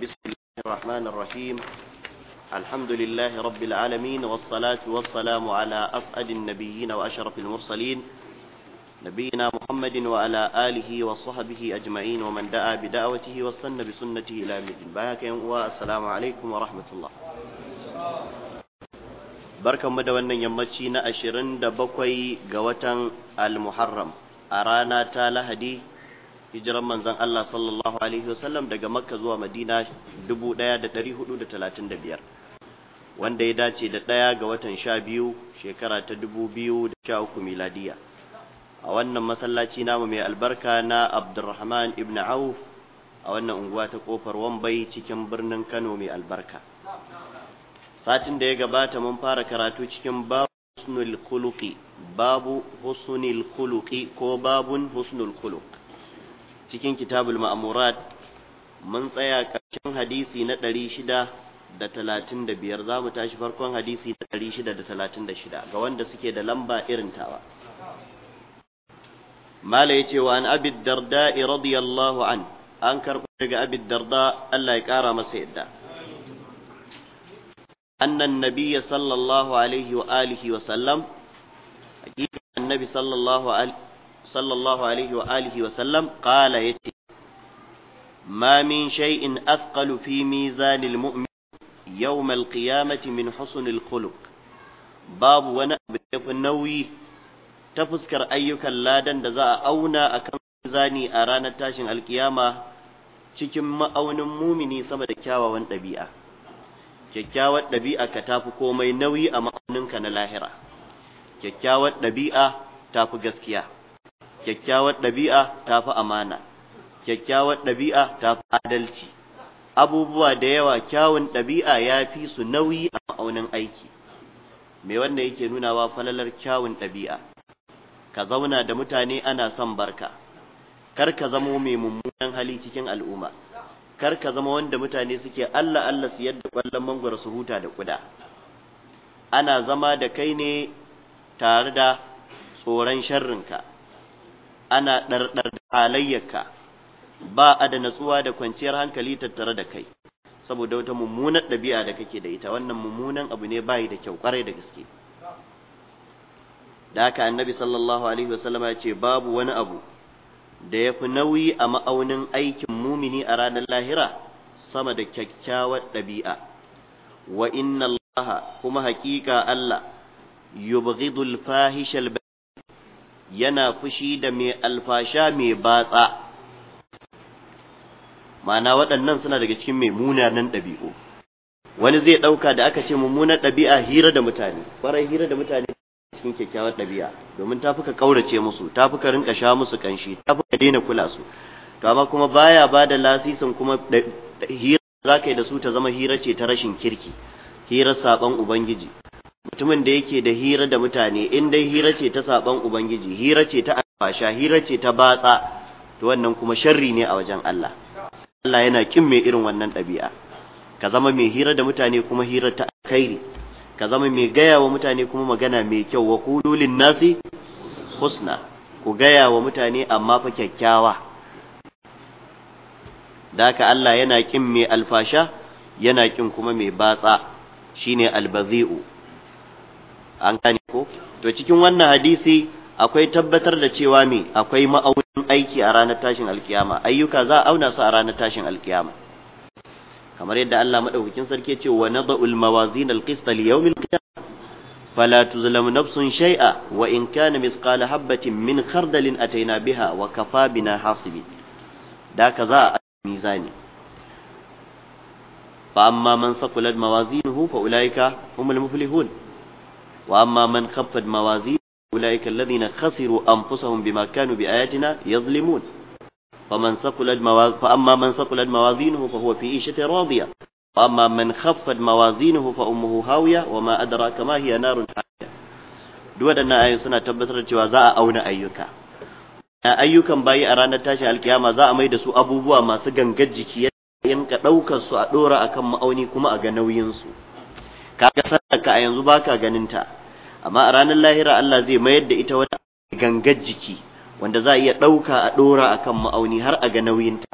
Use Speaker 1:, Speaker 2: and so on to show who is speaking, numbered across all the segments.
Speaker 1: بسم الله الرحمن الرحيم الحمد لله رب العالمين والصلاة والسلام على أسعد النبيين وأشرف المرسلين نبينا محمد وعلى آله وصحبه أجمعين ومن دعا بدعوته واستنى بسنته إلى مدين باك والسلام عليكم ورحمة الله بركة mu يمتشين wannan yammaci قوة المحرم أرانا تالهدي hijiran manzon Allah sallallahu alaihi wasallam daga Makka zuwa Madina 1435 wanda ya dace da ɗaya ga watan 12 shekara ta 2013 miladiya a wannan masallaci namu mai albarka na Abdurrahman ibn Auf a wannan unguwa ta kofar Wambai cikin birnin Kano mai albarka satin da ya gabata mun fara karatu cikin babu husnul khuluqi babu husnul khuluqi ko babun husnul khuluq cikin kitabul ma'amurat mun tsaya ƙarshen hadisi na ɗari shida da talatin da biyar za mu tashi farkon hadisi na ɗari shida da talatin da shida ga wanda suke da lamba irin tawa mala ya ce wa an abid darda radiyallahu an an karɓo daga abid darda Allah ya ƙara masa yadda annan Nabiya sallallahu alaihi wa alihi wa sallam hakika annabi sallallahu alaihi sallallahu alaihi wa alihi wa sallam qala yace Mamin min shay'in athqalu fi mizanil mu'min yawm al-qiyamati min husnil khuluq babu wani abu da fi nauyi ta fuskar ayyukan ladan da za a auna akan mizani a ranar tashin alkiyama cikin ma'aunin mumini sama da kyawawan ɗabi'a kyakkyawar ɗabi'a ka tafi komai nauyi a ma'auninka na lahira kyakkyawar ɗabi'a tafi gaskiya kyakkyawar ɗabi'a ta fi amana kyakkyawar ɗabi'a ta fi adalci abubuwa da yawa kyawun ɗabi'a ya fi su nauyi a ma'aunin aiki mai wanda yake nunawa falalar kyawun ɗabi'a ka zauna da mutane ana son barka kar ka zamo mai mummunan hali cikin al'umma kar ka zama wanda mutane suke Allah Allah su yadda kwallon mangwaro su huta da kuda ana zama da kai ne tare da tsoron sharrinka ana ɗarɗar da halayyarka ba a da natsuwa da kwanciyar hankali tattare da kai saboda wata mummunar ɗabi'a da kake da ita wannan mummunan abu ne bayi da kyau ƙwarai da gaske da haka annabi sallallahu alaihi wasallama ya ce babu wani abu da ya fi nauyi a ma'aunin aikin mumini a ranar lahira sama da kyakkyawar ɗabi'a wa inna allaha kuma haƙiƙa allah yubghidul fahishal yana fushi da mai alfasha mai batsa ma'ana waɗannan suna daga cikin mai munanan ɗabi'u wani zai ɗauka da aka ce mummunar ɗabi'a hira da mutane ƙwarar hira da mutane cikin kyakkyawar ɗabi'a domin ta fuka ƙaurace musu ta fuka rinka sha musu ƙanshi ta fuka daina kula su to amma kuma baya ba da lasisin kuma hira za ka yi da su ta zama hira ce ta rashin kirki hirar saɓon ubangiji mutumin da yake da hira da mutane in dai hira ce ta saban ubangiji hira ce ta alfasha hira ce ta batsa to wannan kuma sharri ne a wajen Allah Allah yana kin me irin wannan ɗabi'a ka zama mai hira da mutane kuma hira ta alkhairi ka zama mai gaya wa mutane kuma magana mai kyau wa kululin nasi husna ku gaya wa mutane amma fa kyakkyawa da haka Allah yana kin mai alfasha yana kin kuma mai batsa shine albazi'u an gane ko to cikin wannan hadisi akwai tabbatar da cewa me akwai ma'aunin aiki a ranar tashin alkiyama ayyuka za a auna su a ranar tashin alkiyama kamar yadda Allah madaukakin sarki ce wa nada'ul mawazin alqist li yawmil qiyamah fala tuzlamu nafsun shay'a wa in kana mithqala habatin min khardalin ataina biha wa kafa bina hasibin da ka za a mizani fa amma man saqulat mawazinuhu fa ulaika humul muflihun وأما من خفت موازين أولئك الذين خسروا أنفسهم بما كانوا بآياتنا يظلمون فمن ثقلت مواز... فأما من ثقلت موازينه فهو في عيشة راضية وأما من خفت موازينه فأمه هاوية وما أدراك ما هي نار حامية duk waɗannan ayoyi suna tabbatar da cewa za a auna ayyuka a ayyukan bayi a ranar tashin alkiyama za a mai da su abubuwa masu ganga jiki yayin ka ɗaukar su a ɗora akan ma'auni kuma a ga nauyinsu kaga sanarka a yanzu baka ganin ta amma a ranar lahira Allah zai mayar da ita wata gangar jiki wanda za a iya ɗauka a ɗora a kan ma'auni har a ga nauyinta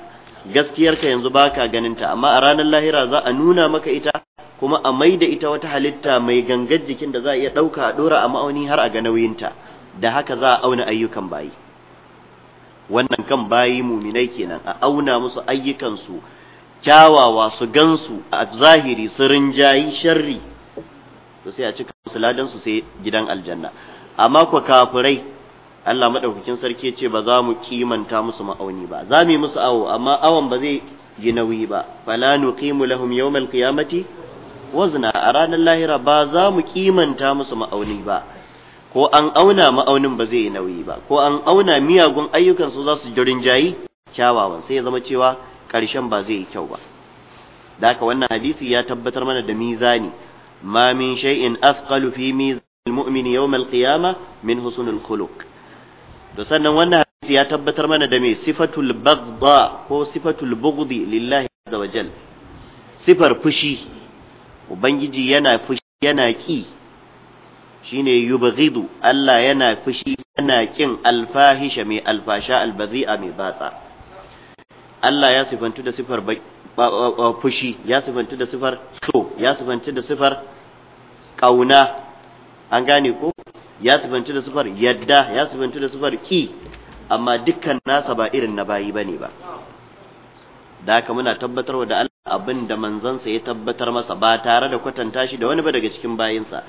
Speaker 1: gaskiyarka yanzu baka ganinta amma a ranar lahira za a nuna maka ita kuma a mai da ita wata halitta mai gangar jikin da za a iya ɗauka a ɗora a ma'auni har a ga nauyinta da haka za a auna ayyukan bayi wannan kan bayi muminai kenan a auna musu ayyukansu kyawawa su gansu a zahiri su rinjayi sharri to sai a cika musu ladan su sai gidan aljanna amma ku kafirai Allah madaukakin sarki ce ba za mu kimanta musu ma'auni ba za mu yi musu awo amma awon ba zai yi nauyi ba fala nuqimu lahum yawmal qiyamati wazna a ranar lahira ba za mu kimanta musu ma'auni ba ko an auna ma'aunin ba zai yi nauyi ba ko an auna miyagun ayyukan su za su jayi kyawawan sai ya zama cewa ƙarshen ba zai yi kyau ba Daka wannan hadisi ya tabbatar mana da mizani ما من شيء أثقل في ميزان المؤمن يوم القيامة من حسن الخلق وسنن wannan hadisi ya tabbatar mana da me sifatul baghdha ko sifatul bughdi lillahi azza wajal sifar fushi ubangiji yana fushi yana ki shine yubghidu Allah yana fushi yana kin alfahisha mai alfasha albadhi'a mai batsa Allah ya sifantu da sifar fushi ya sifantu da sifar so ya sifantu da sifar ƙauna an gane ko ya sabanci da sufar yadda ya sabanci da sufar ki amma dukkan nasa ba irin na bayi ne ba da haka muna tabbatarwa da Allah abin da manzansa ya tabbatar masa ba tare da kwatanta shi da wani ba daga cikin bayinsa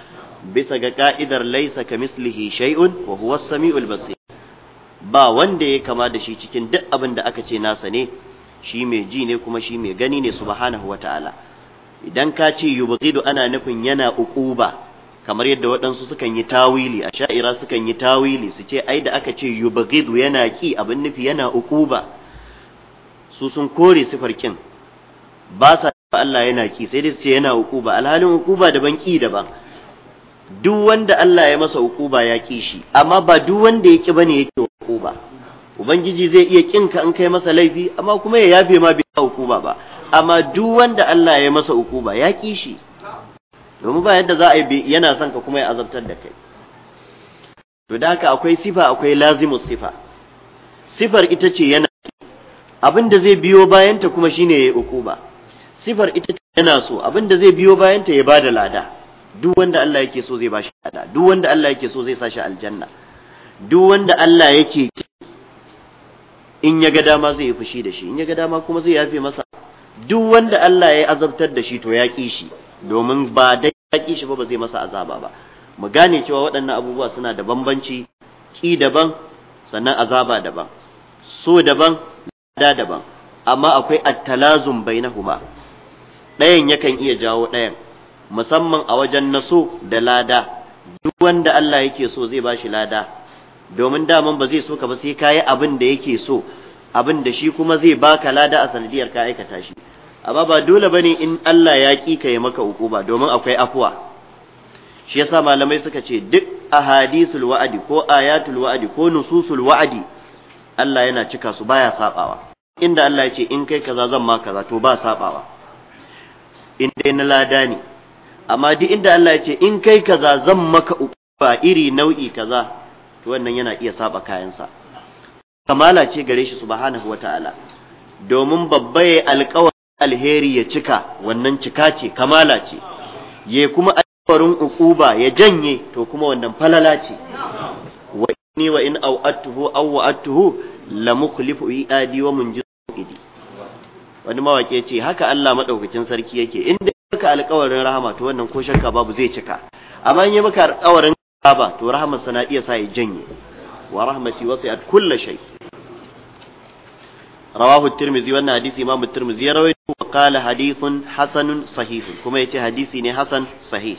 Speaker 1: bisa ga ka'idar laisa mislihi shay'un wa huwa samiul basir ba wanda ya kama da shi cikin duk abin da aka ce nasa ne shi mai ji ne kuma shi mai gani ne subhanahu wata'ala idan ka ce yubghidu ana nufin yana uquba kamar yadda waɗansu sukan yi tawili a sha'ira sukan yi tawili su ce ai da aka ce yubghidu yana ki abin nufi yana uquba su sun kore sifar kin ba sa Allah yana ki sai dai su ce yana uquba alhalin uquba daban ki daban duk wanda Allah ya masa uquba ya ki shi amma ba duk wanda ya ki bane yake uquba ubangiji zai iya kinka an kai masa laifi amma kuma ya yafe ma bai uquba ba amma duk wanda Allah ya masa ukuba ya ƙi shi domin ba yadda za a yi yana son ka kuma ya azabtar da kai to da haka akwai sifa akwai lazimus sifa sifar ita ce yana abin da zai biyo bayanta kuma shine ya ukuba sifar ita ce yana so abin da zai biyo bayanta ya bada lada duk wanda Allah yake so zai bashi lada duk wanda Allah yake so zai sashi aljanna duk wanda Allah yake in ya ga dama zai yi fushi da shi in ya ga dama kuma zai yafe masa duk wanda Allah ya azabtar da shi to ya ƙi shi domin ba dai ya ƙi shi ba ba zai masa azaba ba mu gane cewa waɗannan abubuwa suna da bambanci ƙi daban sannan azaba daban so daban lada daban amma akwai attalazum bainahuma ɗayan yakan iya jawo ɗayan musamman a wajen naso da lada duk wanda Allah yake so zai ba shi lada domin daman ba zai so ka ba sai kayi abin da yake so abin da shi kuma zai baka lada a sanadiyar ka aikata shi amma ba dole bane in Allah ya ki ka yi maka hukuma domin akwai afuwa shi yasa malamai suka ce duk ahadithul wa'adi ko ayatul wa'adi ko nususul wa'adi Allah yana cika su baya sabawa inda Allah ya ce in kai kaza zan ma kaza to ba sabawa in dai na lada ne amma duk inda Allah ya ce in kai kaza zan maka ba iri nau'i kaza to wannan yana iya saba kayansa kamala ce gare shi subhanahu wata'ala domin babba ya alƙawar alheri ya cika wannan cika ce kamala ce ya kuma alƙawarin ukuba ya janye to kuma wannan falala ce wa inni wa in au'attuhu aw wa'attuhu la mukhlifu i'adi wa munjizu idi wani mawaƙi ce haka Allah madaukakin sarki yake inda maka alƙawarin rahama to wannan ko shakka babu zai cika amma in yi maka alƙawarin rahama to rahama sana iya sa ya janye wa rahmati wasi'at kullu shay' rawahu tirmizi وان hadisi امام الترمذي ya وقال حديث حسن صحيح كما sahihun kuma yace hadisi ne معنى sahih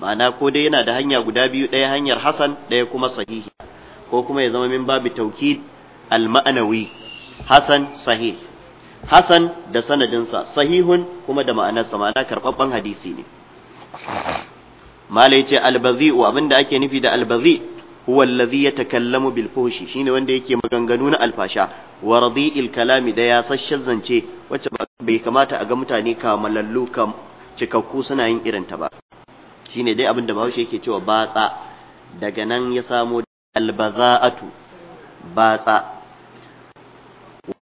Speaker 1: ma'ana ko dai yana da hanya guda biyu ɗaya hanyar hasan ɗaya kuma sahihi ko kuma ya zama min babu tawkid al-ma'nawi hasan sahih hasan da sanadinsa sahihun kuma da ma'anarsa ma'ana karbabban hadisi ne malai ce albazi'u abinda ake nufi da albazi' huwa allazi yatakallamu bil fuhshi shine wanda yake maganganu na alfasha wa radi'il kalami da ya sashen zance wacce bai kamata a ga mutane kamalallu kam cikakku suna yin irin ta ba shine dai abin da Bahaushe yake cewa batsa daga nan ya samo albaza'atu batsa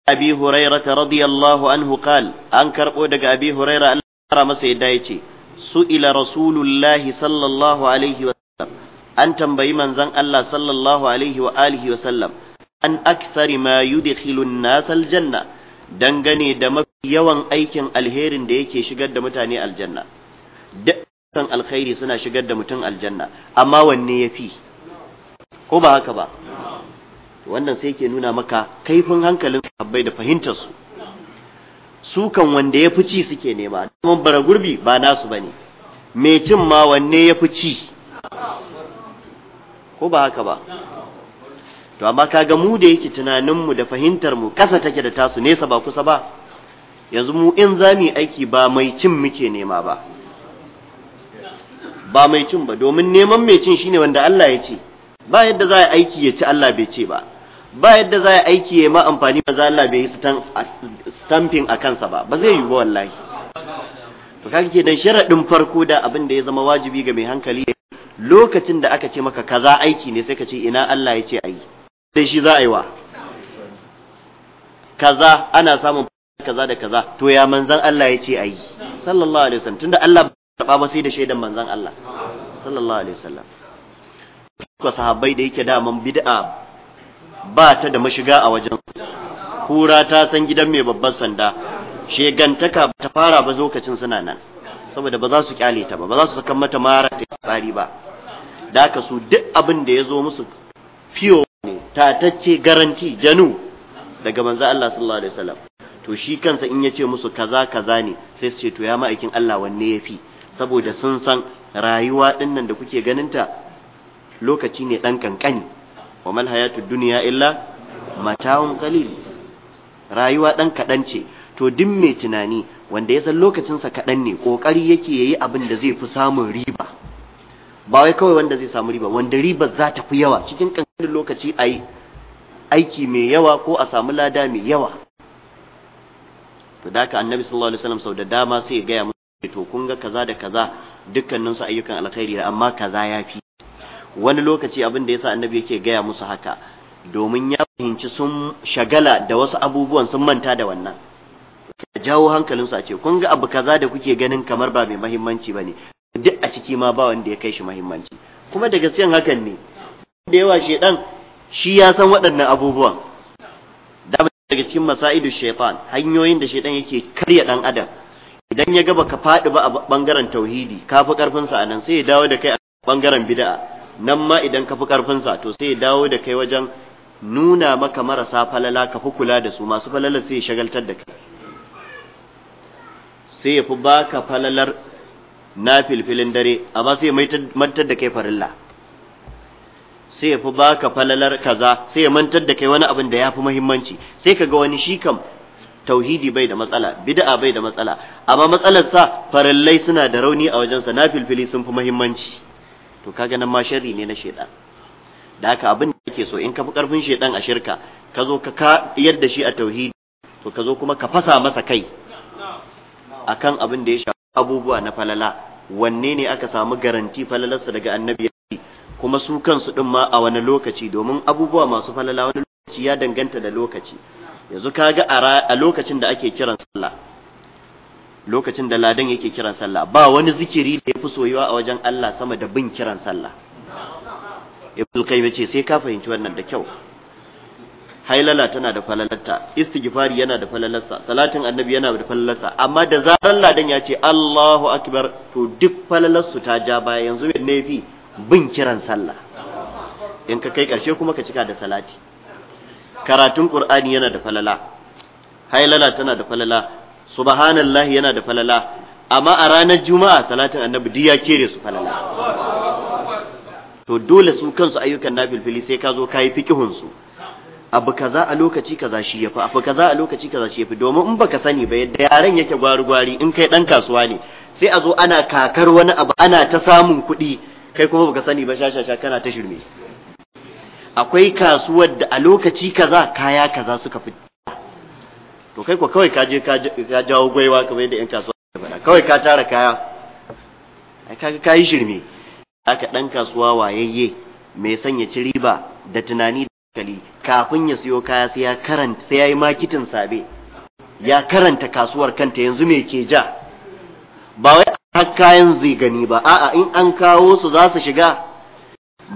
Speaker 1: abi hurairata radiyallahu anhu qal an karbo daga abi huraira Allah ya masa yadda yace su'ila rasulullahi sallallahu alaihi wa an tambayi manzon Allah sallallahu alaihi wa alihi wa sallam an akthari ma yudkhilu an-nas janna. dangane da mafi yawan aikin alherin da yake shigar da mutane aljanna dukkan alkhairi suna shigar da mutum aljanna amma wanne yafi ko ba haka ba wannan sai ke nuna maka kaifin hankalin sahabbai da fahimtar su su kan wanda ya fi ci suke nema kuma bara gurbi ba nasu bane mai cin ma wanne yafi ci ko ba haka ba to amma kaga mu da yake tunanin mu da fahimtar mu kasa take da tasu nesa ba kusa ba yanzu mu in zami aiki ba mai cin muke nema ba ba mai cin ba domin neman mai cin shine wanda Allah ya ce ba yadda za a aiki ya ci Allah bai ce ba ba yadda za a aiki ya ma amfani ba za Allah bai yi stamping a kansa ba ba zai yi ba wallahi to kake dan sharadin farko da abin da ya zama wajibi ga mai hankali lokacin da aka ce maka kaza aiki ne sai ka ce ina Allah ya ce a yi sai shi za a yi wa kaza ana samun kaza da kaza to ya manzan Allah ya ce a yi sallallahu alaihi wasallam tunda Allah ba ba sai da shaidan manzan Allah sallallahu alaihi wasallam ko sahabbai da yake daman bid'a ba ta da mashiga a wajen kura ta san gidan mai babban sanda shegantaka ta fara ba lokacin suna nan saboda ba za su kyale ta ba ba za su saka mata mara ta tsari ba da ka su duk abin da ya zo musu fiyo ne tatacce garanti janu daga manzo Allah sallallahu alaihi wasallam to shi kansa in ya ce musu kaza kaza ne sai su ce to ya ma'aikin Allah wanne ya fi saboda sun san rayuwa din nan da kuke ganinta lokaci ne dan kankani wa mal hayatud duniya illa mata'un qalil rayuwa dan kaɗan ce to duk mai tunani wanda ya san lokacinsa kaɗan ne ƙoƙari yake yayi abin da zai fi samun riba ba wai kawai wanda zai samu riba wanda riba za ta fi yawa cikin kankanin lokaci a yi aiki mai yawa ko a samu lada mai yawa to da ka annabi sallallahu alaihi wasallam sau da dama sai ya gaya musu to kun ga kaza da kaza dukkanin su ayyukan alkhairi amma kaza ya fi wani lokaci abin da yasa annabi yake gaya musu haka domin ya fahimci sun shagala da wasu abubuwan sun manta da wannan jawo hankalinsu a ce kun ga abu kaza da kuke ganin kamar ba mai mahimmanci ba ne duk a ciki ma ba wanda ya kai shi muhimmanci kuma da gaskiyan hakan ne da yawa shedan shi ya san waɗannan abubuwan da daga cikin masaidu shaytan hanyoyin da shedan yake karya dan adam idan ya ga baka faɗi ba a bangaren tauhidi ka fi karfin sa anan sai ya dawo da kai a bangaren bid'a nan ma idan ka fi karfin sa to sai ya dawo da kai wajen nuna maka marasa falala ka fi kula da su masu falala sai ya shagaltar da kai sai ya fi baka falalar na filfilin dare amma sai mantar da kai farilla sai ya fi baka falalar kaza sai ya mantar da kai wani abin da ya fi muhimmanci sai ka ga wani shi kam tauhidi bai da matsala bid'a bai da matsala
Speaker 2: amma matsalar sa
Speaker 1: farillai suna da rauni a wajensa na filfili sun fi muhimmanci to kaga nan ma sharri ne na shedan da haka abin da ake so in ka fi karfin shedan a shirka ka zo ka yadda shi a tauhidi to ka zo kuma ka fasa masa kai akan abin da ya shafi abubuwa na falala wanne ne aka samu garanti falalarsa daga annabi kuma su kansu din ma a wani lokaci domin abubuwa masu falala wani lokaci ya danganta da lokaci yanzu kaga a lokacin da ake kiran sallah lokacin da ladan yake kiran sallah ba wani zikiri da ya fi soyuwa a wajen Allah sama da bin kiran sallah ibn qayyim ce sai ka fahimci wannan da kyau hailala tana da falalarta istighfari yana da falalarsa salatin annabi yana da falalarsa amma da zarar ladan ya ce Allahu akbar to duk falalarsu ta ja baya yanzu me ne fi bin kiran sallah in ka kai karshe kuma ka cika da salati karatun qur'ani yana da falala hailala tana da falala subhanallahi yana da falala amma a ranar juma'a salatin annabi duk ya kere su falala to dole su kansu ayyukan nafilfili sai ka zo ka yi fikihun su abu kaza a lokaci kaza shi yafi abu kaza a lokaci kaza shi yafi domin in baka sani ba yadda yaren yake gwari gwari in kai dan kasuwa ne sai a zo ana kakar wani abu ana ta samun kuɗi kai kuma baka sani ba shashasha kana ta shirme akwai kasuwar da a lokaci kaza kaya kaza suka fi to kai ko kawai ka je ka jawo gwaiwa kamar yadda yan kasuwa ke faɗa kawai ka tara kaya ai kaga kayi shirme aka dan kasuwa wayayye mai sanya ci riba da tunani da kali kafin ya siyo kaya sai ya karanta sai yayi makitin sabe ya karanta kasuwar kanta yanzu me ke ja ba wai har kayan zai gani ba a'a in an kawo su za su shiga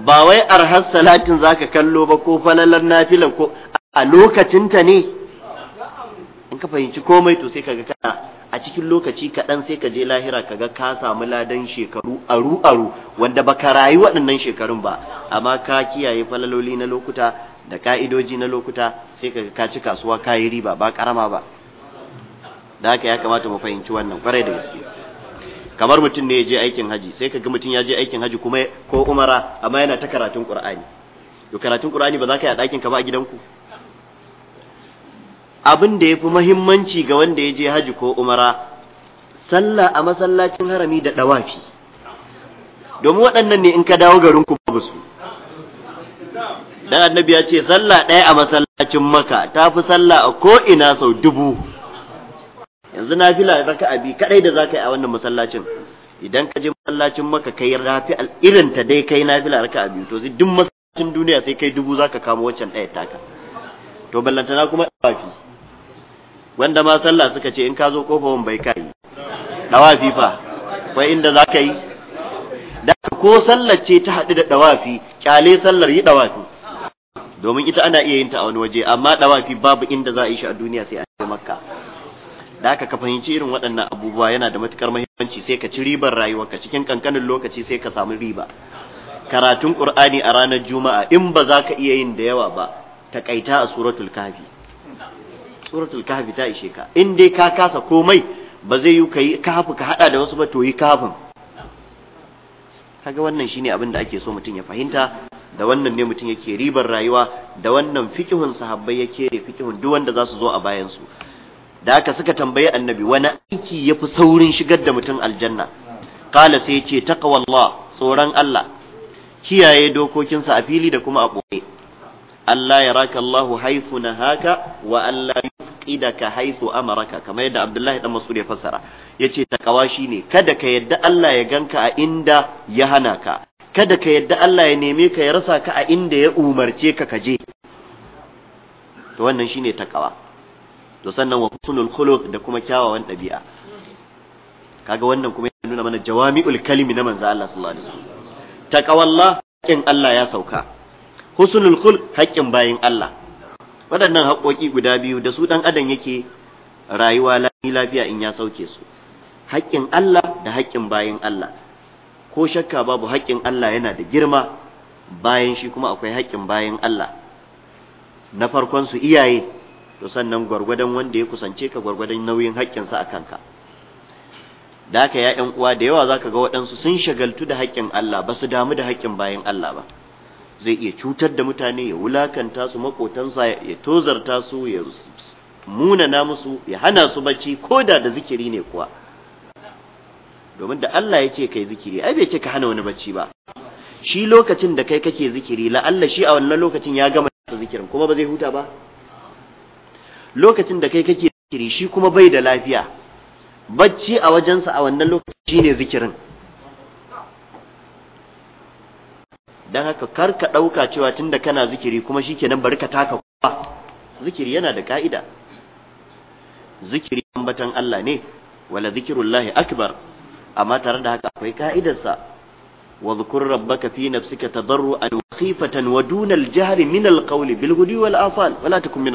Speaker 1: ba wai arhar salatin zaka kallo ba ko falalar nafilar ko a lokacinta ne in ka fahimci komai to sai kaga kana a cikin lokaci kaɗan sai ka je lahira ka ga ka samu ladan shekaru aru aru wanda baka rayu waɗannan shekarun ba amma ka kiyaye falaloli na lokuta da ka'idoji na lokuta sai ka ka ci kasuwa ka yi riba ba karama ba da haka ya kamata mu fahimci wannan kwarai da gaske kamar mutum ne ya je aikin haji sai ka ga mutum ya je aikin haji kuma ko umara amma yana ta karatun qur'ani to karatun qur'ani ba za ka yi a ɗakin ka ba a gidanku abin da ya fi mahimmanci ga wanda ya je haji ko umara sallah a masallacin harami da ɗawafi domin waɗannan ne in ka dawo garin ku babu su dan annabi ya ce sallah ɗaya a masallacin maka ta fi sallah a ko ina sau dubu yanzu na nafila raka abi kadai da zaka yi a wannan masallacin idan ka je masallacin maka kai rafi irin ta dai kai na fila raka abi to duk masallacin duniya sai kai dubu zaka kamo waccan ɗaya taka to ballantana kuma dawafi wanda ma sallah suka ce in ka zo kofa wan bai kai dawafi fa wai inda zaka yi da ko sallar ce ta haɗu da dawafi kyale sallar yi dawafi domin ita ana iya yin ta a wani waje amma dawafi babu inda za a yi shi a duniya sai a je makka da haka ka fahimci irin waɗannan abubuwa yana da matukar muhimmanci sai ka ci ribar rayuwarka cikin kankanin lokaci sai ka samu riba karatun qur'ani a ranar juma'a in ba za ka iya yin da yawa ba takaita a suratul kahfi suratul kahfi ta ishe ka in dai ka kasa komai ba zai yi kai kafi ka hada da wasu ba to yi kafin kaga wannan shine abin da ake so mutum ya fahimta da wannan ne mutum yake ribar rayuwa da wannan fikihun sahabbai yake da fikihun duk wanda za su zo a bayan su da haka suka tambayi annabi wani aiki yafi saurin shigar da mutum aljanna qala sai yace taqwallah tsoron Allah kiyaye dokokinsa a fili da kuma a boye Allah ya raka Allah haifu na haka wa Allah ya ka haifu amaraka kamar yadda Abdullahi dan Mas'ud ya fassara yace takawa shine kada ka yadda Allah ya ganka a inda ya hana ka kada ka yadda Allah ya neme ka ya rasa ka a inda ya umarce ka ka je to wannan shine takawa to sannan wa husnul khuluq da kuma kyawawan dabi'a kaga wannan kuma ya nuna mana jawami'ul kalimi na manzo Allah sallallahu alaihi wasallam takawalla haƙƙin Allah ya sauka husnul khuluq haƙƙin bayin Allah waɗannan haƙoƙi guda biyu da su ɗan adam yake rayuwa lafiya in ya sauke su haƙƙin Allah da haƙƙin bayin Allah ko shakka babu haƙƙin Allah yana da girma bayan shi kuma akwai haƙƙin bayan Allah na farkon su iyaye to sannan gwargwadon wanda ya kusance ka gwargwadon nauyin haƙƙinsa a kanka da haka ya ƴan uwa da yawa zaka ga waɗansu sun shagaltu da haƙƙin Allah ba su damu da haƙƙin bayan Allah ba zai iya cutar da mutane ya wulakanta su makotansa ya tozarta su ya munana musu ya hana su bacci ko da da zikiri ne kuwa domin da Allah ya ce kai zikiri ai bai ce ka hana wani bacci ba shi lokacin da kai kake zikiri la Allah shi a wannan lokacin ya gama zikirin kuma ba zai huta ba lokacin da kai kake zikiri shi kuma bai da lafiya bacci a wajensa a wannan lokacin shine zikirin dan haka kar ka dauka cewa tunda kana zikiri kuma shikenan bari ka taka kowa zikiri yana da ka'ida zikiri ambatan Allah ne wala zikrullahi akbar amma tare da haka akwai ka'idarsa wa dhkur rabbaka fi nafsika tadarruan wa khifatan wa duna al-jahr min al-qawl bil wal asal wala takun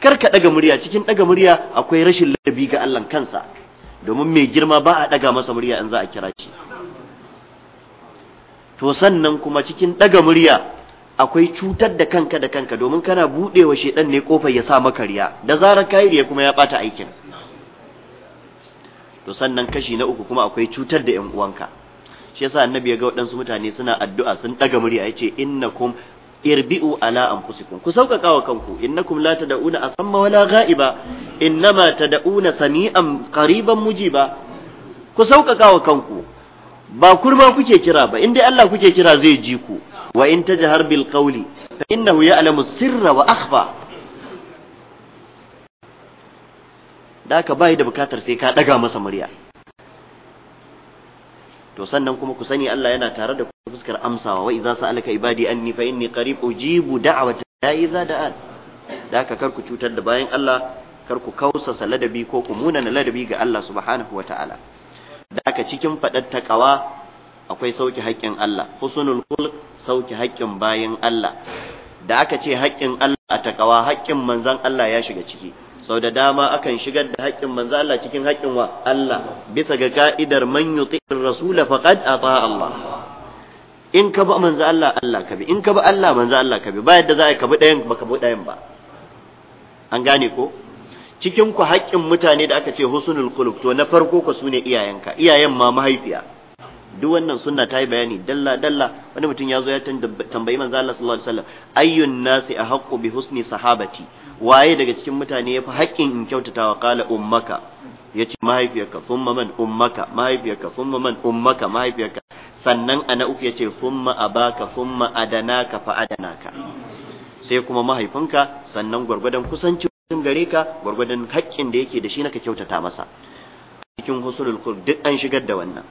Speaker 1: kar ka daga murya cikin daga murya akwai rashin ladabi ga Allah kansa domin mai girma ba a daga masa murya in za a kira shi to sannan kuma cikin daga murya akwai cutar da kanka da kanka domin kana budewa shedan ne kofar ya sa maka riya da zarar kairi riya kuma ya bata aikin to sannan kashi na uku kuma akwai cutar da ƴan uwanka shi yasa annabi ya ga waɗansu mutane suna addu'a sun ɗaga murya yace innakum irbi'u ala anfusikum ku sauƙaƙa wa kanku innakum la tad'una asamma wala ghaiba innama tad'una sami'an qariban mujiba ku sauƙaƙa wa kanku ba kurma kuke kira ba in dai Allah kuke kira zai ji ku wa in tajhar bil qawli fa innahu ya'lamu sirra wa akhfa da aka bayi da bukatar sai ka daga masa murya to sannan kuma ku sani Allah yana tare da ku fuskar amsawa wa idza sa'alaka ibadi anni fa inni qarib ujibu da'wat ya idza da'an da aka kar ku cutar da bayan Allah karku ku kausasa ladabi ko ku munana ladabi ga Allah subhanahu wa ta'ala da aka cikin fadar takawa akwai sauki haƙƙin Allah husnul khulq sauki haƙƙin bayan Allah da aka ce haƙƙin Allah a taqawa haƙƙin manzon Allah ya shiga ciki sau da dama akan shigar da haƙƙin manzo Allah cikin haƙƙin wa Allah bisa ga ka'idar man yuti'ir rasula faqad ata Allah in ka ba manzo Allah Allah ka bi in ka ba Allah manzo Allah ka bi ba yadda za ka bi ɗayan ba ka bi ɗayan ba an gane ko cikin ku haƙƙin mutane da aka ce husnul khuluq to na farko ka sune iyayenka iyayen ma mahaifiya duk wannan sunna ta yi bayani dalla dalla wani mutum ya zo ya tambayi manzo Allah sallallahu alaihi wasallam ayyun nasi ahqqu bi husni sahabati waye daga cikin mutane yafi haƙƙin in kyautatawa qala ummaka yace mahaifiyarka thumma man ummaka mahaifiyarka thumma man ummaka mahaifiyarka sannan ana uku yace thumma abaka thumma adanaka fa adanaka sai kuma mahaifinka sannan kusanci kusancin gare ka gwargwadon haƙƙin da yake da shi naka kyautata masa cikin husulul duk an shigar da wannan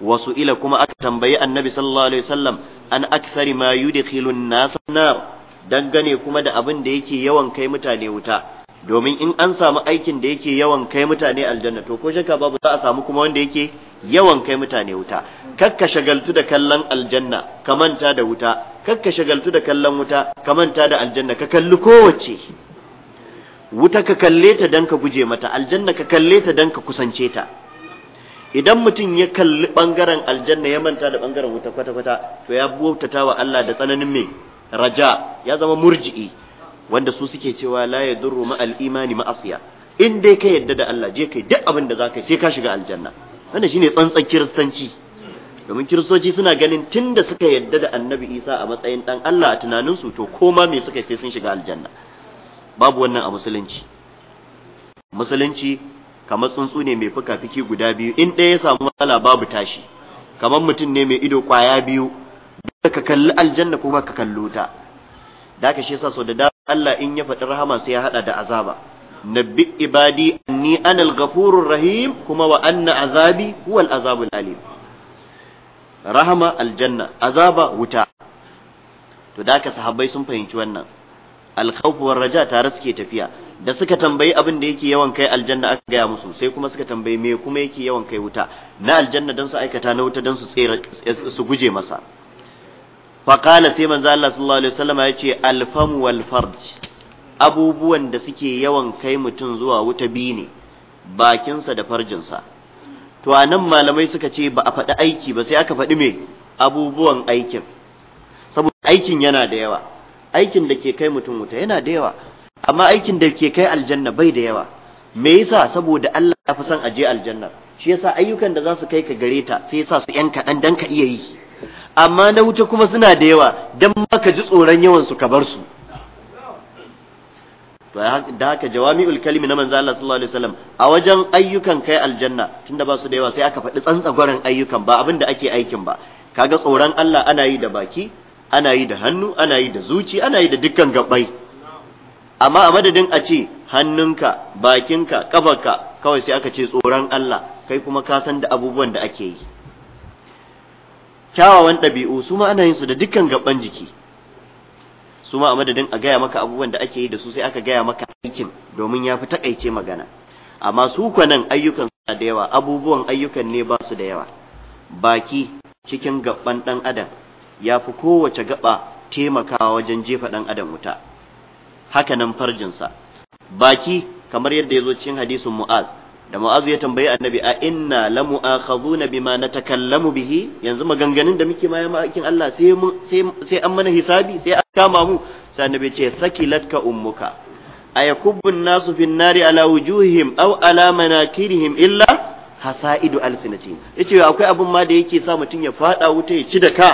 Speaker 1: wasu ila kuma aka tambayi annabi sallallahu alaihi wasallam an aksari ma yudkhilun nas nar dangane kuma da abin da yake yawan kai mutane wuta domin in an samu aikin da yake yawan kai mutane aljanna to ko shakka babu za a samu kuma wanda yake yawan kai mutane wuta kakka shagaltu da kallon aljanna ka manta da wuta kakka shagaltu da kallon wuta ka manta da aljanna ka kalli kowace wuta ka kalle ta dan ka guje mata aljanna ka kalle ta dan ka kusance ta idan mutum ya kalli ɓangaren aljanna ya manta da bangaren wuta kwata-kwata to ya bautata wa Allah da tsananin mai raja ya zama murji'i wanda su suke cewa la yadurru ma al-imani ma'asiya in dai ka yadda da Allah je kai duk abin da zaka sai ka shiga aljanna wanda shine tsantsan kiristanci domin kiristoci suna ganin tunda suka yadda da annabi Isa a matsayin dan Allah a tunanin su to koma me suka sai sun shiga aljanna babu wannan a musulunci musulunci kamar tsuntsu ne mai fuka-fiki guda biyu in ɗaya ya samu matsala babu tashi kamar mutum ne mai ido kwaya biyu ka kalli aljanna kuma ka kallo ta da ka shi sau da dama Allah in ya faɗi rahama sai ya haɗa da azaba nabbi ibadi anni anal ghafurur rahim kuma wa anna azabi huwal azabul alim rahama aljanna azaba wuta to da ka sahabbai sun fahimci wannan alkhawf raja tare suke tafiya da suka tambayi abin da yake yawan kai aljanna aka gaya musu sai kuma suka tambayi me kuma yake yawan kai wuta na aljanna dan su aikata na wuta dan su tsere su guje masa qala sai manzo Allah sallallahu alaihi wasallam ya ce alfam wal farj abubuwan da suke yawan kai mutum zuwa wuta bi ne bakinsa da farjinsa to anan malamai suka ce ba a faɗi aiki ba sai aka faɗi me abubuwan aikin saboda aikin yana da yawa aikin da ke kai mutum wuta yana da yawa amma aikin da ke kai aljanna bai da yawa me yasa saboda Allah ya fi son je aljanna shi yasa ayyukan da za su kai ka gare ta sai yasa su yan kaɗan dan ka iya yi amma na wuta kuma suna da yawa dan ma ka ji tsoron yawan su ka bar su to da haka jawami'ul kalimi na manzo Allah sallallahu alaihi wasallam a wajen ayyukan kai aljanna tunda ba su da yawa sai aka faɗi tsantsa gwaran ayyukan ba abin da ake aikin ba kaga tsoron Allah ana yi da baki ana yi da hannu ana yi da zuci ana yi da dukkan gabai, amma a madadin a ce hannunka bakinka kafarka kawai sai aka ce tsoron Allah kai kuma ka san da abubuwan da ake yi kyawawan ɗabi'u su ma ana yin su da dukkan gabban jiki su ma a madadin a gaya maka abubuwan da ake yi da su sai aka gaya maka aikin domin ya fi takaice magana amma su kwanan ayyukan da yawa abubuwan ayyukan ne ba su da yawa baki cikin gaban ɗan adam ya fi kowace gaba taimakawa wajen jefa ɗan adam wuta haka nan farjinsa baki kamar yadda ya zo cikin hadisin mu'az da mu'az ya tambayi annabi a inna la mu'akhadhuna bima natakallamu bihi yanzu maganganun da muke ma aikin Allah sai an mana hisabi sai an kama mu sai annabi ce sakilatka ummuka ayakubbun nasu fin nari ala wujuhihim aw ala manakirihim illa hasaidu alsinatin yace akwai abin ma da yake sa mutum ya fada wuta ya ci da ka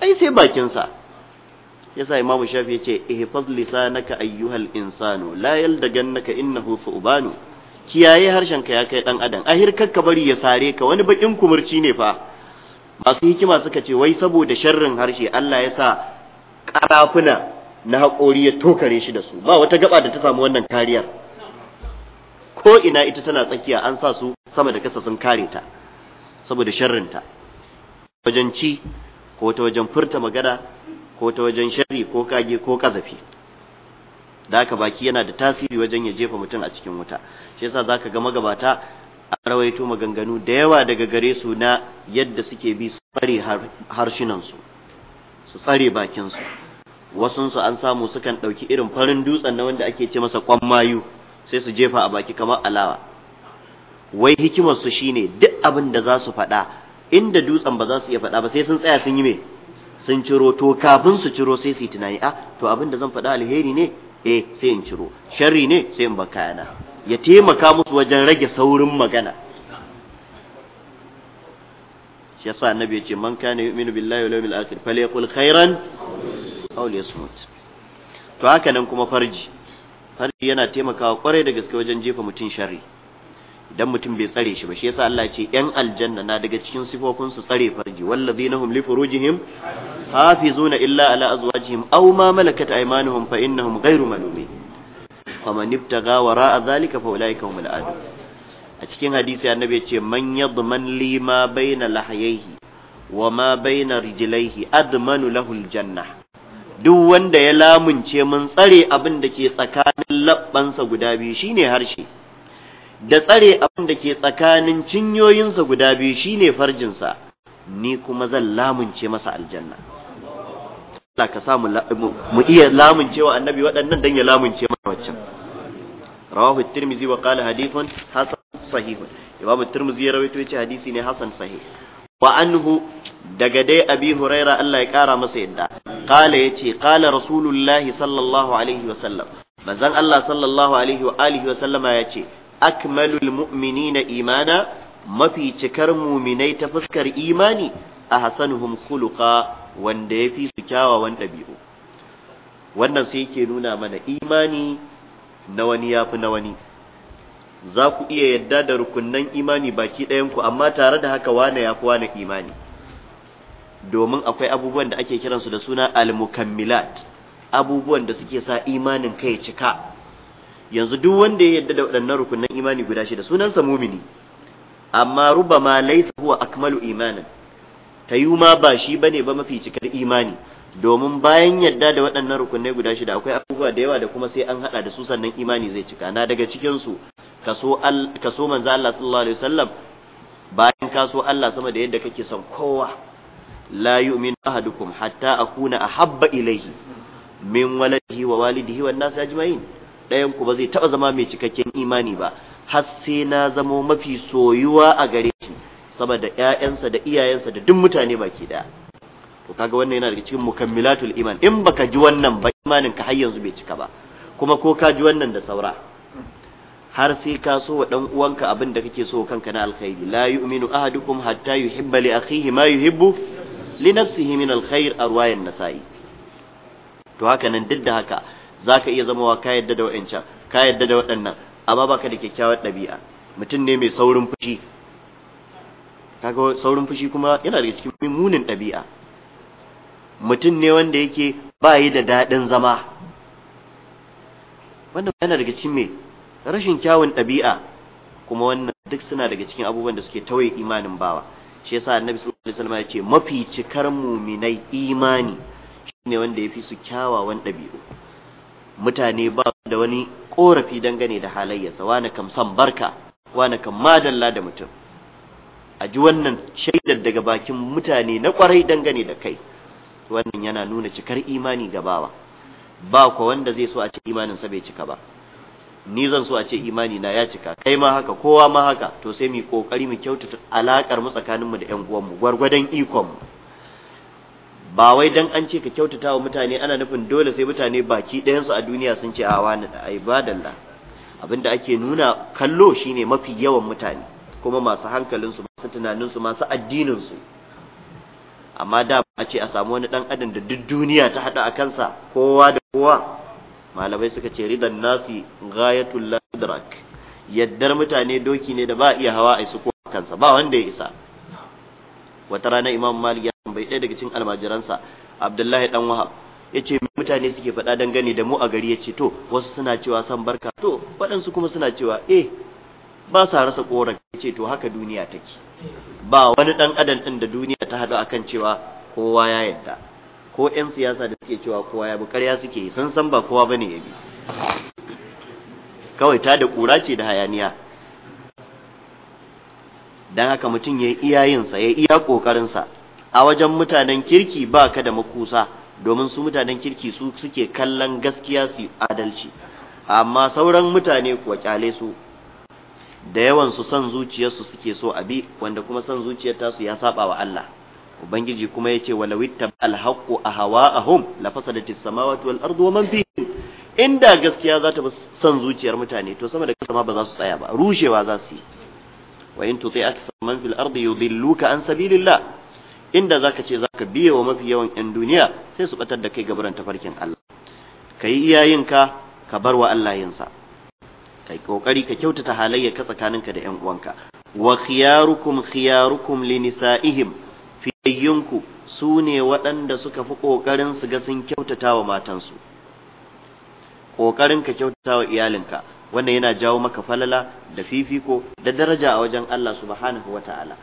Speaker 1: ai sai bakinsa yasa imamu shafi ya ce ihfaz lisanaka ayyuhal insanu la yaldagannaka innahu fu'banu kiyaye harshen ka ya kai dan adam ahirkar ka bari ya sare ka wani bakin kumurci ne fa masu hikima suka ce wai saboda sharrin harshe Allah ya sa karafuna na haƙori ya tokare shi da su ba wata gaba da ta samu wannan kariya ko ina ita tana tsakiya an sa su sama da kasa sun kare ta saboda sharrinta wajen ci ko ta wajen furta magana ko ta wajen shari ko kage ko kazafi da haka baki yana da tasiri wajen ya jefa mutum a cikin wuta shi yasa zaka ga magabata a rawaito maganganu da yawa daga gare su na yadda suke bi su tsare harshinansu su tsare bakinsu wasunsu an samu sukan ɗauki irin farin dutsen na wanda ake ce masa kwan mayu sai su jefa a baki kamar alawa wai hikimar su shine duk abin da za su faɗa inda dutsen ba za su iya faɗa ba sai sun tsaya sun yi me sun ciro to kafin su ciro sai su yi tunani a ah, to abin da zan faɗa alheri ne eh sai in ciro sharri ne sai in ba kayana ya taimaka musu wajen rage saurin magana shi yasa annabi ya ce man kana yu'minu billahi wal yawmil akhir falyaqul khairan aw liyasmut to haka nan kuma farji farji yana taimakawa kwarai da gaske wajen jefa mutum sharri idan mutum bai tsare shi ba shi yasa Allah ce yan aljanna na daga cikin sifofin su tsare farji wallazina hum li furujihim hafizuna illa ala azwajihim aw ma malakat aymanuhum fa innahum ghayru malumin faman ibtaga wara zalika fa ulaika hum adu a cikin hadisi annabi ce man yadman li ma baina lahayhi wa ma baina rijlaihi admanu lahul janna duk wanda ya lamunce mun tsare abin da ke tsakanin labbansa guda biyu shine harshe da tsare abin da ke tsakanin cinyoyinsa guda biyu shine farjinsa ni kuma zan lamunce masa aljanna Allah ka samu mu iya lamuncewa annabi waɗannan dan ya lamunce mana waccan rawahu tirmizi tirmidhi wa qala hadithun hasan sahih imam at-tirmidhi ya rawaito yace hadisi ne hasan sahih wa anhu daga dai abi huraira Allah ya kara masa yadda qala yace qala rasulullahi sallallahu alaihi wa sallam manzon Allah sallallahu alaihi wa alihi wa sallama yace akmalul mu'minina imana mafi cikar muminai ta fuskar imani a hasanuhum khuluqa wanda yafi su kyawawan ɗabi'u wannan sai yake nuna mana imani na wani yafi na wani za ku iya yadda da rukunnan imani baki ɗayanku amma tare da haka wane yafi wane imani domin akwai abubuwan da ake kiransu da suna al-mukammilat abubuwan da suke sa imanin kai cika yanzu duk wanda ya yadda da waɗannan rukunan imani guda shida sunansa mumini amma rubama laisa huwa akmalu imanin ta yi ma ba shi bane ba mafi cikar imani domin bayan yadda da waɗannan rukunai guda shida akwai abubuwa da yawa da kuma sai an haɗa da su sannan imani zai cika na daga cikin su kaso kaso manzo Allah sallallahu alaihi wasallam bayan kaso Allah sama da yadda kake son kowa la yu'minu ahadukum hatta akuna ahabba ilayhi min waladihi wa walidihi wan nas ajma'in ɗayan ku ba zai taɓa zama mai cikakken imani ba har sai na zamo mafi soyuwa a gare shi saboda ƴaƴansa da iyayensa da duk mutane baki ɗaya to kaga wannan yana daga cikin mukammilatul iman in baka ji wannan ba imanin ka har yanzu bai cika ba kuma ko ka ji wannan da saura har sai ka so wa dan uwanka abin da kake so kanka na alkhairi la yu'minu ahadukum hatta yuhibba li akhihi ma yuhibbu li nafsihi min alkhair arwayan nasai to haka nan duk da haka za ka iya zamawa ka yadda da wa'ancan ka yadda da waɗannan amma ka da kyakkyawar ɗabi'a mutum ne mai saurin fushi kaga saurin fushi kuma yana daga cikin munin ɗabi'a mutum ne wanda yake ba yi da daɗin zama wannan yana daga cikin mai rashin kyawun ɗabi'a kuma wannan duk suna daga cikin abubuwan da suke tawaye imanin bawa shi yasa annabi sallallahu alaihi wasallam ya ce mafi cikar muminai imani shine wanda yafi su kyawawan ɗabi'u mutane ba da wani korafi dangane da halayyarsa wani kam san barka wani kam madalla da mutum a ji wannan shaidar daga bakin mutane na kwarai dangane da kai wannan yana nuna cikar imani ga ba kwa wanda zai so a ce imaninsa bai cika ba ni zan so a ce imani na ya cika kai ma haka kowa ma haka to sai mu kokari mu kyautata alakar mu tsakaninmu da 'yan uwanmu gwargwadon ikon mu ba wai dan an ce ka kyautata wa mutane ana nufin dole sai mutane baki ɗayansu a duniya sun ce a wani da ibadalla abinda ake nuna kallo shine mafi yawan mutane kuma masu hankalinsu masu tunaninsu masu addininsu amma da a ce a samu wani dan adam da duk duniya ta hada a kansa kowa da kowa malamai suka ce ridan nasi ghayatul ladrak yaddar mutane doki ne da ba iya hawa ai su kansa ba wanda ya isa wata rana imam malik bai ɗaya daga cikin almajiransa abdullahi dan wahab ya ce mutane suke faɗa dangane da mu a gari ya ce to wasu suna cewa san barka to waɗansu kuma suna cewa eh ba sa rasa koran ya ce to haka duniya take ba wani ɗan adam ɗin da duniya ta haɗu akan cewa kowa ya yadda ko 'yan siyasa da suke cewa kowa ya bi ƙarya suke sun san ba kowa bane ya bi kawai ta da ƙura ce da hayaniya dan haka mutum ya yi iyayensa ya iya ƙoƙarinsa a wajen mutanen kirki ba ka da makusa domin su mutanen kirki su suke kallon gaskiya su adalci amma sauran mutane kuwa kyale su da yawan su son zuciyarsu suke so abi wanda kuma son zuciyar tasu ya saba wa Allah ubangiji kuma yace walawitta alhaqqu ahwa'ahum lafasadatis samawati wal ardu wa man fihi inda gaskiya za ta bi san zuciyar mutane to sama da kasa ba za su tsaya ba rushewa za su yi wa in tuti man fil ardi yudilluka an sabilillah inda zaka ce zaka biye wa mafi yawan yan duniya sai su batar da kai gabaran tafarkin Allah kai iyayinka ka bar wa Allah yinsa kai kokari ka kyautata halayya ka tsakaninka da yan uwanka wa khiyarukum khiyarukum linisaihim fiyayyunku su ne waɗanda suka fi ƙoƙarin su ga sun kyautata wa matansu ƙoƙarin ka kyautata wa iyalinka wannan yana jawo maka falala da fifiko da daraja a wajen Allah subhanahu wa ta'ala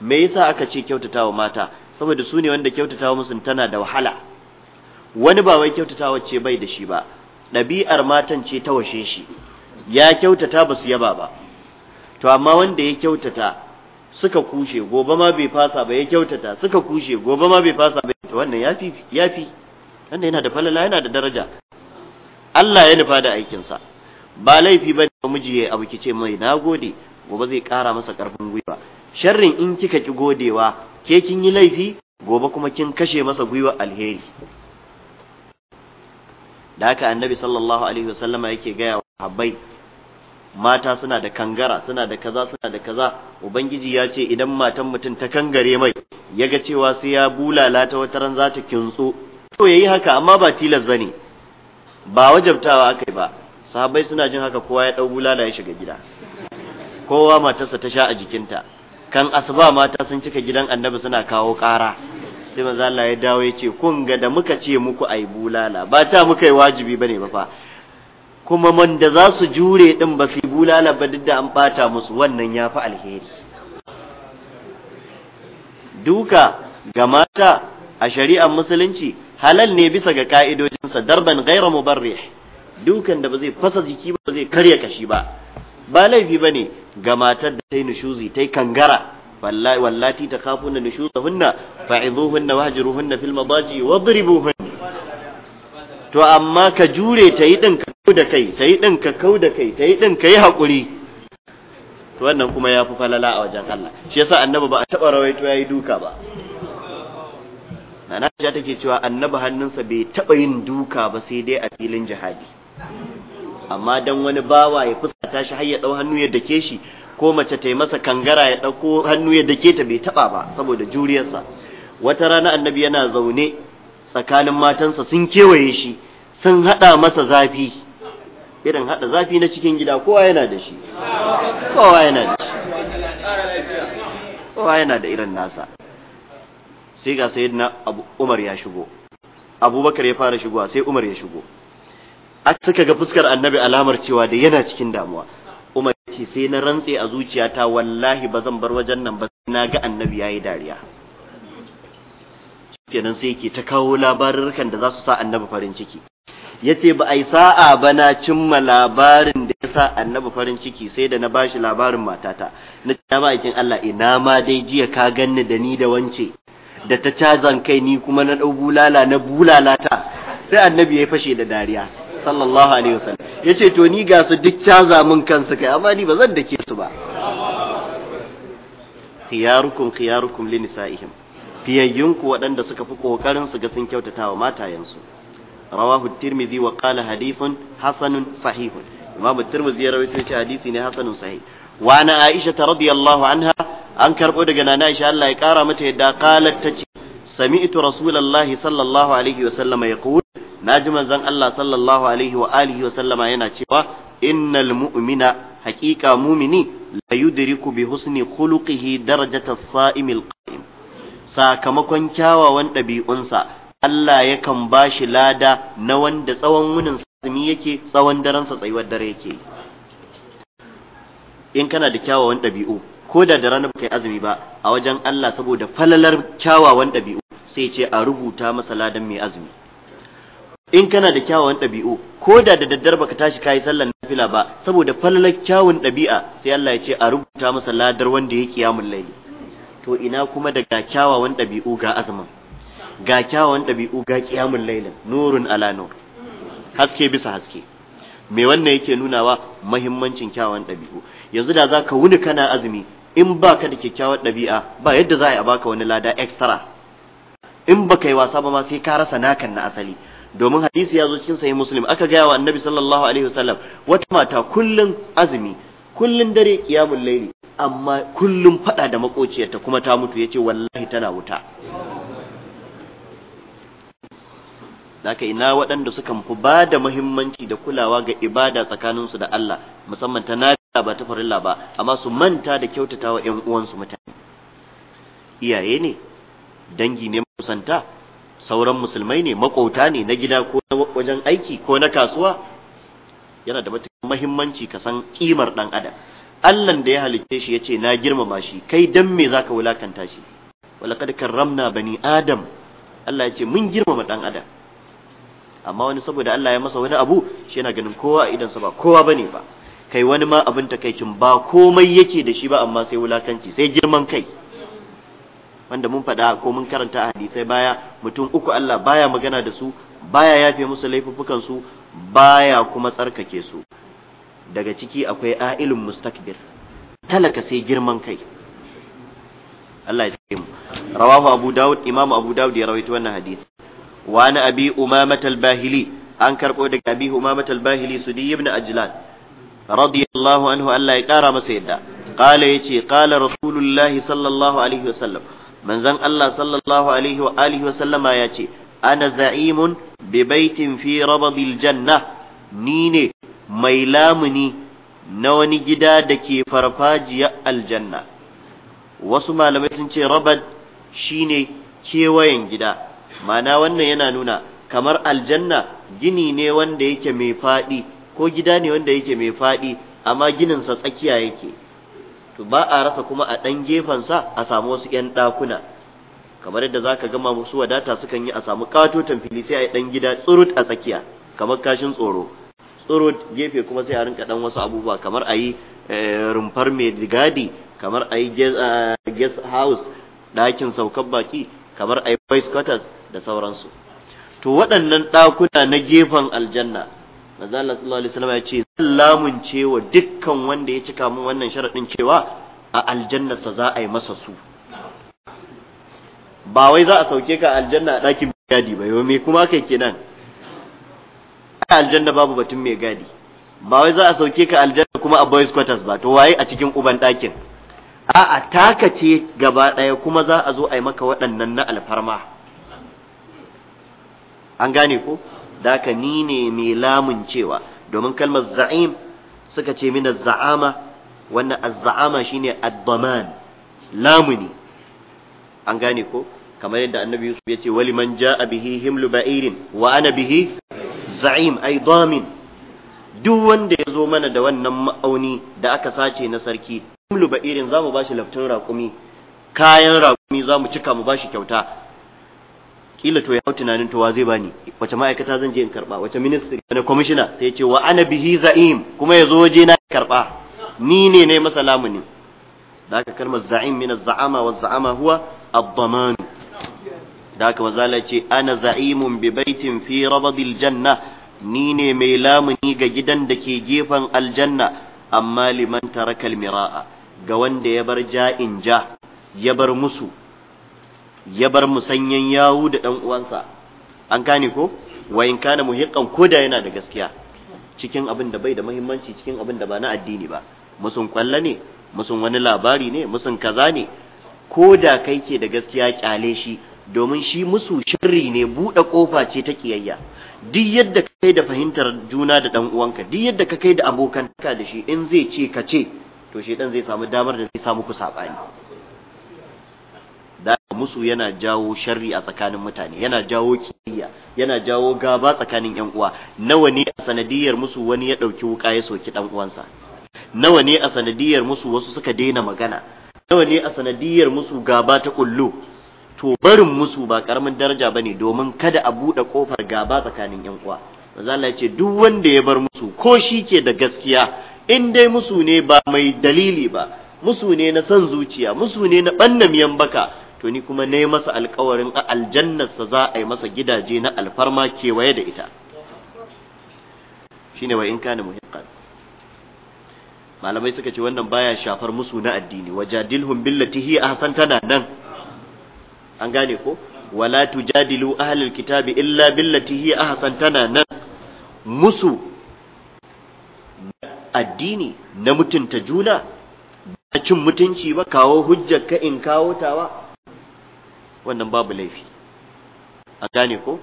Speaker 1: me yasa aka ce kyautatawa mata saboda su ne wanda kyautatawa musu tana da wahala wani ba wai kyautatawa ce bai da shi ba ɗabi'ar matan ce ta washe shi ya kyautata ba su yaba ba to amma wanda ya kyautata suka kushe gobe ma bai fasa ba ya kyautata suka kushe gobe ma bai fasa ba to wannan yafi yafi wannan yana da falala yana da daraja Allah ya nufa da aikinsa ba laifi ba ne miji ya abu ce mai nagode gobe zai kara masa karfin gwiwa sharrin in kika ki godewa ke kin yi laifi gobe kuma kin kashe masa gwiwa alheri da haka annabi sallallahu alaihi wasallama yake gaya wa habbai mata suna da kangara suna da kaza suna da kaza ubangiji ya ce idan matan mutum ta kangare mai yaga cewa sai ya bulala ta wata ran zata kintso to yayi haka amma ba tilas bane ba wajabtawa akai ba sahabbai suna jin haka kowa ya dau bulala ya shiga gida kowa matarsa ta sha a jikinta kan asuba mata sun cika gidan annabi suna kawo ƙara sai manzo Allah ya dawo ya ce kun ga da muka ce muku ai bulala ba ta muka yi wajibi bane ba fa kuma man da za su jure din ba su bulala ba duk da an bata musu wannan ya fi alheri duka ga mata a shari'ar musulunci halal ne bisa ga ka'idojinsa darban ghayra mubarrih dukan da ba zai fasa jiki ba zai karya kashi ba ba laifi ne ga matar da ta yi nushuzi ta yi kangara wallati ta kafuna filma ba ji, wa madaji wadribuhunna to amma ka jure ta yi ɗinka ka kau da kai ta yi ɗinka ka kau da kai ta yi ɗinka ka yi haƙuri. to wannan kuma ya fi falala a wajen Allah shi yasa annabi ba a taɓa rawaito ya yi duka ba na Aisha take cewa annabi hannunsa bai taɓa yin duka ba sai dai a filin jihadi amma dan wani bawa ya fusata shi har ya dau hannu ya dake shi ko mace ta yi masa kangara ya dauko hannu ya dake ta bai taba ba saboda juriyarsa wata rana annabi yana zaune tsakanin matansa sun kewaye shi sun hada masa zafi irin hada zafi na cikin gida kowa yana da shi kowa yana da shi kowa yana da irin nasa sai ga sayyidina Umar ya shigo Abubakar ya fara shigowa sai Umar ya shigo a suka ga fuskar annabi alamar cewa da yana cikin damuwa umar ce sai na rantse a zuciyata wallahi ba zan bar wajen nan ba na ga annabi yayi dariya kenan sai yake ta kawo labarurkan da za su sa annabi farin ciki yace ba ai sa'a ba na cimma labarin da ya sa annabi farin ciki sai da na bashi labarin matata na ta aikin Allah ina ma dai jiya ka ganni da ni da wance da ta cazan kai ni kuma na dau bulala na bulalata sai annabi ya fashe da dariya sallallahu alaihi wasallam yace to ni ga su duk caza mun kansu kai amma ni ba zan dake su ba khiyarukum khiyarukum li nisaihim fiyayyunku waɗanda suka fi kokarin su ga sun kyautatawa matayensu rawahu tirmidhi wa qala hadithun hasanun sahihun imamu tirmidhi ya rawaito ce hadisi ne hasanun sahih wa ana aisha radiyallahu anha an karbo daga nana aisha Allah ya kara mata yadda qalat tace sami'tu rasulullahi sallallahu alaihi wasallam yaqul naji manzon Allah sallallahu alaihi wa alihi wa sallama yana cewa innal mu'mina haqiqa mu'mini la yudriku bi husni khuluqihi darajata as-sa'im al-qa'im sakamakon kyawawan ɗabi'unsa Allah yakan bashi lada na wanda tsawon wunin azumi yake tsawon daren sa tsayuwar dare yake in kana da kyawawan ɗabi'u ko da da rana baka yi azumi ba a wajen Allah saboda falalar kyawawan ɗabi'u sai ce a rubuta masa ladan mai azumi in kana da kyawawan ɗabi'u ko da da daddare baka tashi kayi sallar nafila ba saboda falalar kyawun ɗabi'a sai Allah ya ce a rubuta masa ladar wanda ya yamun laili to ina kuma da ga kyawawan ɗabi'u ga azumin ga kyawawan ɗabi'u ga yamun lailin nurun ala nur haske bisa haske me wannan yake nunawa mahimmancin kyawawan ɗabi'u yanzu da za ka wuni kana azumi in ba ka da kyakkyawar ɗabi'a ba yadda za a baka wani lada extra in baka yi wasa ba ma sai ka rasa nakan na asali domin hadisi ya zo cikin sahih muslim aka gaya wa annabi sallallahu alaihi wasallam wata mata kullun azumi kullun dare qiyamul laili, amma kullun fada da makociyarta kuma ta mutu yace wallahi tana wuta haka ina waɗanda suka fi ba da muhimmanci da kulawa ga ibada tsakaninsu da Allah musamman ta nafila ba ta farilla ba amma su manta da kyautatawa wa ƴan uwansu mutane iyaye ne dangi ne musanta sauran musulmai ne makauta ne na gida ko na wajen aiki ko na kasuwa yana da matuƙar mahimmanci ka san kimar dan adam Allah da ya halitte shi yace na girmama shi kai dan me zaka wulakanta shi walaqad karramna bani adam Allah yace mun girmama ɗan adam amma wani saboda Allah ya masa wani abu shi yana ganin kowa a idansa ba kowa bane ba kai wani ma abin takaicin ba komai yake da shi ba amma sai wulakanci sai girman kai wanda mun faɗa ko mun karanta a hadisai baya mutum uku Allah baya magana da su baya yafe musu laifukan su baya kuma tsarkake su daga ciki akwai a'ilun mustakbir talaka sai girman kai Allah ya tsare mu rawahu Abu Dawud Imam Abu Dawud ya rawaito wannan hadisi wa ana abi umamah al-bahili an karbo daga abi umamah al-bahili sudi ibn ajlan radiyallahu anhu Allah ya kara masa yadda qala yace qala rasulullahi sallallahu alaihi wasallam manzon Allah sallallahu alaihi wa alihi wa sallama ya ce ana za'imun bi baitin fi janna ni ne mai lamuni na wani gida da ke farfajiyar aljanna wasu malamai sun ce rabad shine kewayen gida mana wannan yana nuna kamar aljanna gini ne wanda yake mai faɗi ko gida ne wanda yake mai faɗi amma gininsa tsakiya yake to ba a rasa kuma a ɗan sa, a samu wasu ‘yan ɗakuna kamar yadda za ka gama musu wadata sukan yi a samu katotan fili sai a yi ɗan gida tsurut a tsakiya kamar kashin tsoro tsurut gefe kuma sai a rinka ɗan wasu abubuwa kamar a yi eh, rumfar mai gadi kamar a yi eh, guest house ɗakin saukan baki kamar a yi voice quarters da sauransu to waɗannan ɗakuna na gefen aljanna manzo Allah sallallahu alaihi wasallam ya ce lamun cewa dukkan wanda ya cika mun wannan sharadin cewa a aljanna sa za a yi masa su ba wai za a sauke ka aljanna a ɗakin gadi ba yau me kuma kai kenan a aljanna babu batun mai gadi ba wai za a sauke ka aljanna kuma a boys quarters ba to waye a cikin uban ɗakin a'a taka ce gaba ɗaya kuma za a zo a yi maka waɗannan na alfarma an gane ko daka ni ne mai lamun cewa domin kalmar za'im suka ce min za'ama wannan az-za'ama shine ad-daman lamuni an gane ko kamar yadda annabi Yusuf ya ce wali man ja'a bihi himlu ba'irin wa ana bihi za'im ay damin duk wanda ya zo mana da wannan ma'auni da aka sace na sarki himlu ba'irin zamu bashi laftun raƙumi kayan raƙumi zamu cika mu bashi kyauta kila to ya hau tunanin to wa zai bani wace ma'aikata zan je in karba wace ministry na komishina sai ya ce wa ana bihi za'im kuma ya zo waje na karba ni ne ne masa lamuni da aka kalmar za'im min az-za'ama wa zaama huwa ad da aka mazala ce ana za'imun bi baitin fi rabadil janna ni ne mai lamuni ga gidan da ke gefen aljanna amma liman tarakal miraa ga wanda ya bar ja'in ja ya bar musu ya bar musanyen yawu da ɗan uwansa an gane ko wa in kana muhiqqan koda yana da gaskiya cikin abin da bai da muhimmanci cikin abin da ba na addini ba musun kwalla ne musun wani labari ne musun kaza ne koda kai ke da gaskiya kyale shi domin shi musu shirri ne buɗe kofa ce ta ƙiyayya duk yadda ka kai da fahimtar juna da ɗan uwanka duk yadda ka kai da abokantaka da shi in zai ce ka ce to shi ɗan zai samu damar da zai samu ku saɓani da musu yana jawo sharri a tsakanin mutane yana jawo kiyayya yana jawo gaba tsakanin yan uwa nawa ne a sanadiyar musu wani ya dauki wuka ya soki dan uwansa nawa ne a sanadiyar musu wasu suka daina magana nawa ne a sanadiyar musu gaba ta kullu to barin musu ba karamin daraja bane domin kada a bude kofar gaba tsakanin yan uwa manzo Allah ya duk wanda ya bar musu ko shi ke da gaskiya in dai musu ne ba mai dalili ba musu ne na son zuciya musu ne na bannamiyan baka to ni kuma ne masa alkawarin a aljannarsa za a yi masa gidaje na alfarma kewaye da ita shine wa in kana muhiqqan malamai suka ce wannan baya shafar musu na addini wajadilhum billati hi ahsan tana nan an gane ko wala tujadilu ahlul kitabi illa billati hi ahsan tana nan musu addini na mutunta juna ba cin mutunci ba kawo hujjar ka in kawo tawa wannan babu laifi an gane ko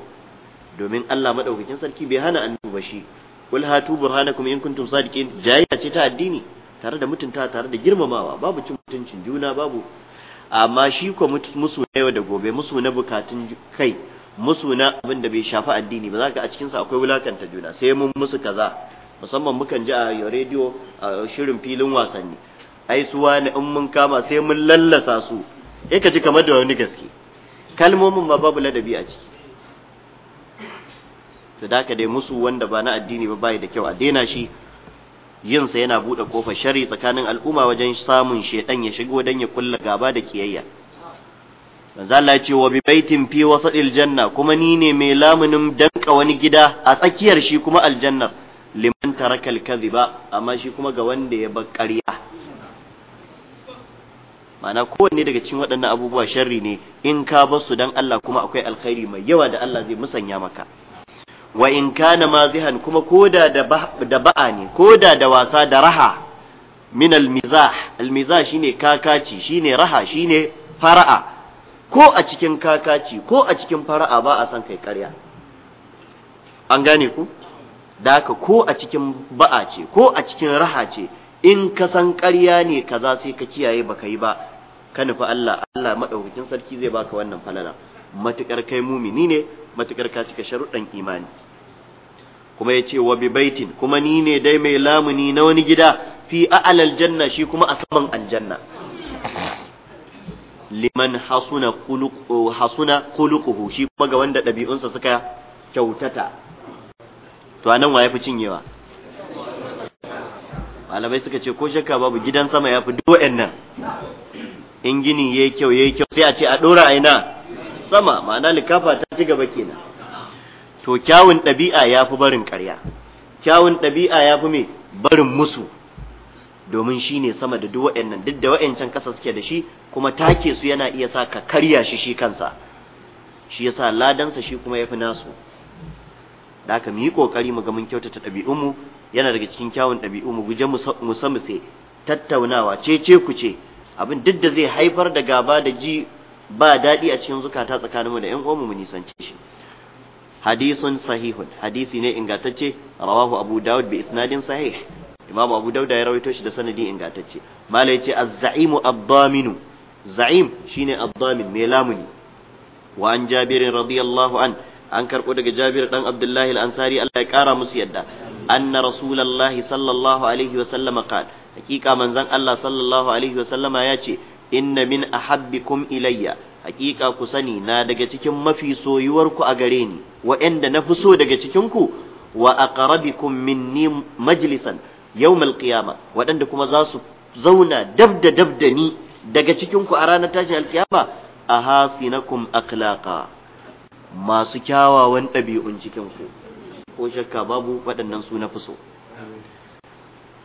Speaker 1: domin Allah madaukakin sarki bai hana annabi ba shi kul hatu burhanakum in kuntum sadiqin jayya ce ta addini tare da mutunta tare da girmamawa babu cin mutuncin juna babu amma shi ko musu na yau da gobe musu na bukatun kai musu na abin da bai shafi addini ba za ka a sa akwai wulakanta juna sai mun musu kaza musamman mukan ji a rediyo a shirin filin wasanni ai suwa in mun kama sai mun lallasa su eh ka ji kamar da wani gaske kalmomin ma babu ladabi a ciki to da dai musu wanda ba na addini ba bai da kyau a daina shi yinsa yana buɗe kofar shari tsakanin al'umma wajen samun shedan ya shigo dan ya kulla gaba da kiyayya manzo Allah ya ce wa bi baitin fi wasatil janna kuma ni ne mai lamunin danka wani gida a tsakiyar shi kuma aljannar liman taraka al-kadhiba amma shi kuma ga wanda ya bar ƙarya ma'ana kowanne daga cikin waɗannan abubuwa sharri ne in ka bar su dan Allah kuma akwai alkhairi mai yawa da Allah zai musanya maka wa in kana mazihan kuma koda da da ba'a ne koda da wasa da raha min almizah almizah shine kakaci shine raha shine fara'a ko a cikin kakaci ko a cikin fara'a ba a san kai ƙarya an gane ku da haka ko a cikin ba'a ce ko a cikin raha ce in ka san ƙarya ne kaza sai ka kiyaye baka yi ba ka nufi Allah Allah madaukakin sarki zai baka wannan falala matukar kai mumini ne matukar ka cika sharuɗan imani kuma yace wa bi baitin kuma ni ne dai mai lamuni na wani gida fi a'lal janna shi kuma a saman aljanna liman hasuna khuluqu hasuna shi kuma ga wanda ɗabi'unsa suka kyautata to anan waye fi cinyewa malamai suka ce ko shakka babu gidan sama yafi duk nan. in gini ya yi kyau ya yi kyau sai a ce a ɗora aina sama ma'ana likafa ta ci gaba kenan to kyawun ɗabi'a ya fi barin ƙarya kyawun ɗabi'a ya fi mai barin musu domin shi ne sama da duk nan duk da wa'yancan ƙasa suke da shi kuma take su yana iya sa ka karya shi shi kansa shi ya sa ladansa shi kuma ya fi nasu da aka mu yi kokari mu ga mun kyautata ɗabi'unmu yana daga cikin kyawun ɗabi'unmu guje mu sai tattaunawa ce ce ku ce abin duk da zai haifar da gaba da ji ba daɗi a cikin zukata tsakanin mu da 'yan uwanmu mu nisance shi hadisun sahihun hadisi ne ingantacce rawahu abu dawud bi isnadin sahih imam abu dawud ya rawaito shi da sanadi ingantacce malai ce az-za'imu ad-daminu za'im shine ad-damin mai lamuni wa an jabirin radiyallahu an an karbo daga jabir dan abdullahi al-ansari Allah ya kara musu yadda anna rasulullahi sallallahu alaihi wa sallama qala hakika manzon Allah sallallahu alaihi wasallama ya ce inna min ahabbikum ilayya hakika ku sani na daga cikin mafi soyuwar ku a gare ni wa'anda na fi so daga cikin ku wa aqrabikum minni majlisan yawmal qiyama waɗanda kuma za su zauna dab da dab da ni daga cikin ku a ranar tashin alkiyama ahasinakum akhlaqa masu kyawawan ɗabi'un cikin ku ko shakka babu waɗannan su na fi so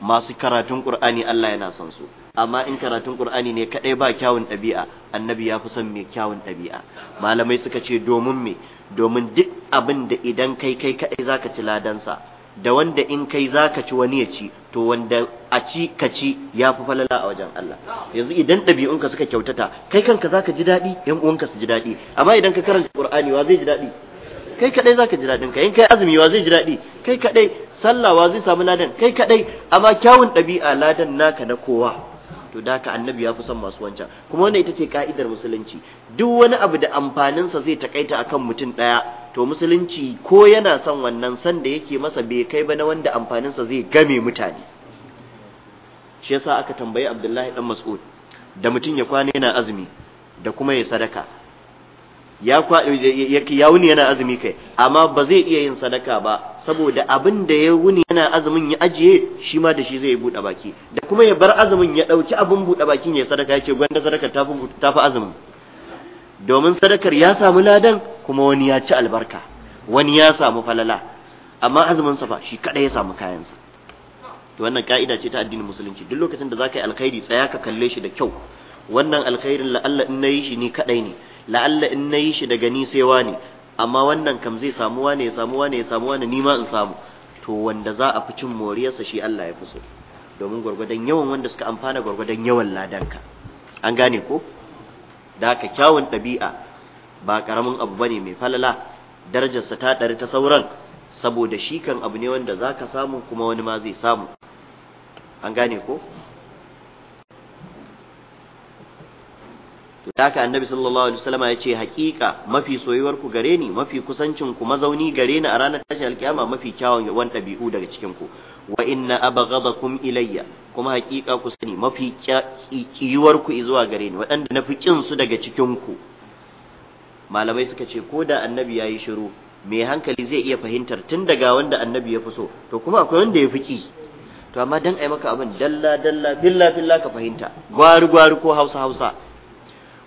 Speaker 1: masu karatun Qur'ani Allah yana son su amma in karatun Qur'ani ne kadai ba kyawun ɗabi'a annabi ya fi son mai kyawun ɗabi'a malamai suka ce domin me domin duk abin da idan kai kai kadai zaka ci ladansa da wanda in kai zaka ci wani ya ci to wanda a ci ka ci ya fi falala a wajen Allah yanzu idan ɗabi'unka suka kyautata kai kanka zaka ji daɗi yan uwanka su ji daɗi amma idan ka karanta Qur'ani wa zai ji daɗi kai kadai zaka ji daɗin ka in kai azumi wa zai ji daɗi kai kadai sallawa zai samu ladan kai kadai amma kyawun ɗabi'a ladan naka na kowa to da ka annabi ya fi son masu wancan kuma wannan ita ce ka'idar musulunci duk wani abu da amfaninsa zai takaita akan mutum ɗaya to musulunci ko yana son wannan san da yake masa bai kai ba na wanda amfanin sa zai game mutane shi yasa aka tambayi abdullahi dan mas'ud da mutum ya kwana yana azumi da kuma ya sadaka ya ya wuni yana azumi kai amma ba zai iya yin sadaka ba saboda abin da ya wuni yana azumin ya ajiye shi ma da shi zai buɗe baki da kuma ya bar azumin ya ɗauki abin buɗe bakin ya sadaka ya ce gwanda sadakar ta fi azumin domin sadakar ya samu ladan kuma wani ya ci albarka wani ya samu falala amma azumin sa shi kaɗai ya samu kayansa to wannan ka'ida ce ta addinin musulunci duk lokacin da za ka yi alkhairi tsaya ka kalle shi da kyau wannan alkhairin la'alla in yi shi ni kaɗai ne la'alla in na yi shi daga ni sai wane. amma wannan kam zai samu wani ya samu wani ya samu wani ni ma in samu to wanda za a fi cin moriyarsa shi Allah ya fi so domin gwargwadon yawan wanda suka amfana gwargwadon yawan ladanka an gane ko da ka kyawun ɗabi'a ba karamin abu bane mai falala darajarsa ta ɗari ta sauran saboda shi kan abu ne wanda za ka samu kuma wani ma zai samu an gane ko da haka annabi sallallahu alaihi wasallam ya ce haƙiƙa mafi soyuwar ku gare ni mafi kusancin ku mazauni gare ni a ranar tashin alkiyama mafi kyawun wan ɗabi'u daga cikin ku wa inna abghadakum ilayya kuma haƙiƙa ku sani mafi kiyuwar ku zuwa gare ni waɗanda na fi kin su daga cikin ku malamai suka ce ko da annabi yayi shiru mai hankali zai iya fahimtar tun daga wanda annabi ya fi so to kuma akwai wanda ya fi ki to amma dan ai maka abin dalla dalla billa billa ka fahimta gwari gwari ko hausa hausa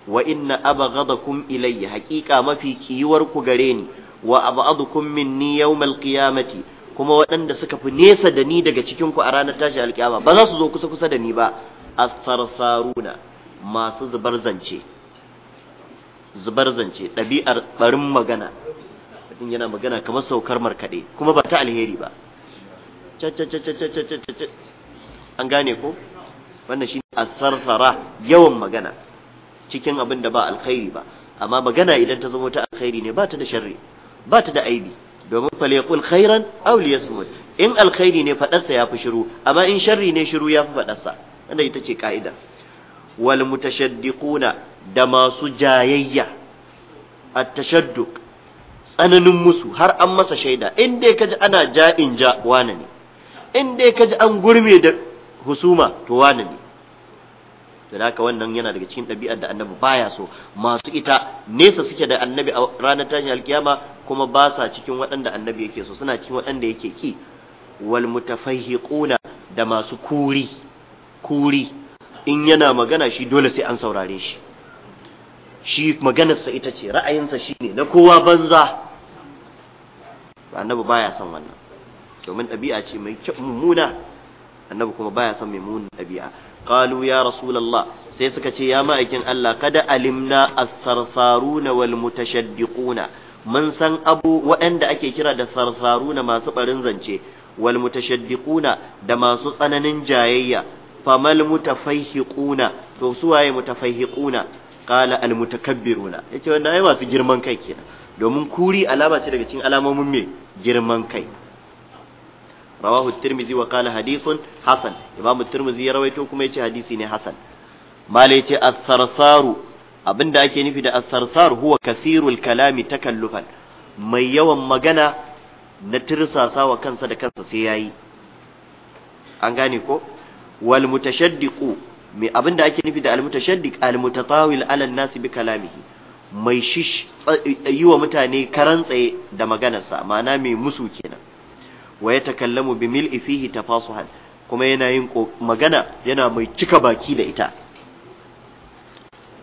Speaker 1: wa inna abghadakum ilayya haqiqa mafi kiyuwar ku gare ni wa ab'adukum minni yawmal qiyamati kuma waɗanda suka fi nesa da ni daga cikin ku a ranar tashi alƙiyama ba za su zo kusa kusa da ni ba as-sarsaruna masu zubar zance zubar zance ɗabi'ar barin magana mutum yana magana kamar saukar markaɗe kuma ba ta alheri ba an gane ko wannan shi ne asarsara yawan magana cikin abin da ba alkhairi ba amma magana idan ta zama ta alkhairi ne ba ta da sharri ba ta da aibi domin fa liyaqul khairan aw liyasmut in alkhairi ne fadarsa yafi shiru amma in sharri ne shiru ya yafi fadarsa wannan ita ce ka'ida wal mutashaddiquna da masu jayayya at-tashadduq tsananin musu har an masa shaida in dai kaji ana ja'in ja wane ne in dai kaji an gurme da husuma to wane ne sadaka wannan yana daga cikin ɗabi'ar da annabi baya so masu ita nesa suke da annabi a ranar tashin alkiyama kuma ba sa cikin waɗanda annabi yake so suna cikin waɗanda yake ki wal mutafahiquna da masu kuri kuri in yana magana shi dole sai an saurare shi shi maganarsa ita ce ra'ayinsa shine na kowa banza annabi baya son wannan domin ɗabi'a ce mai mummuna annabi kuma baya son mai munin ɗabi'a Kalu ya rasulallah sai suka ce ya ma'aikin Allah kada alimna as-sarsaruna wal mutashaddiquna mun san abu waɗanda ake kira da sarsaruna masu barin zance wal mutashaddiquna da masu tsananin jayayya famal mutafaihiquna to suwaye mutafaihiquna qala al mutakabbiruna yace wanda ai masu girman kai kenan domin kuri alama ce daga cikin alamomin me girman kai rawahu tirmizi wa kala hadithun hasan imam tirmizi ya rawaito kuma yace hadisi ne hasan malai yace as-sarsaru abinda ake nufi da as-sarsar huwa kasirul kalami takallufan mai yawan magana na tirsasawa kansa da kansa sai yayi an gane ko wal mutashaddiqu mai abinda ake nufi da al mutashaddiq al mutatawil ala an-nas bi kalamihi mai shish yi wa mutane karantsaye da maganarsa ma'ana mai musu kenan wa yatakallamu bi mil'i fihi tafasuhan kuma yana yin magana yana mai cika baki da ita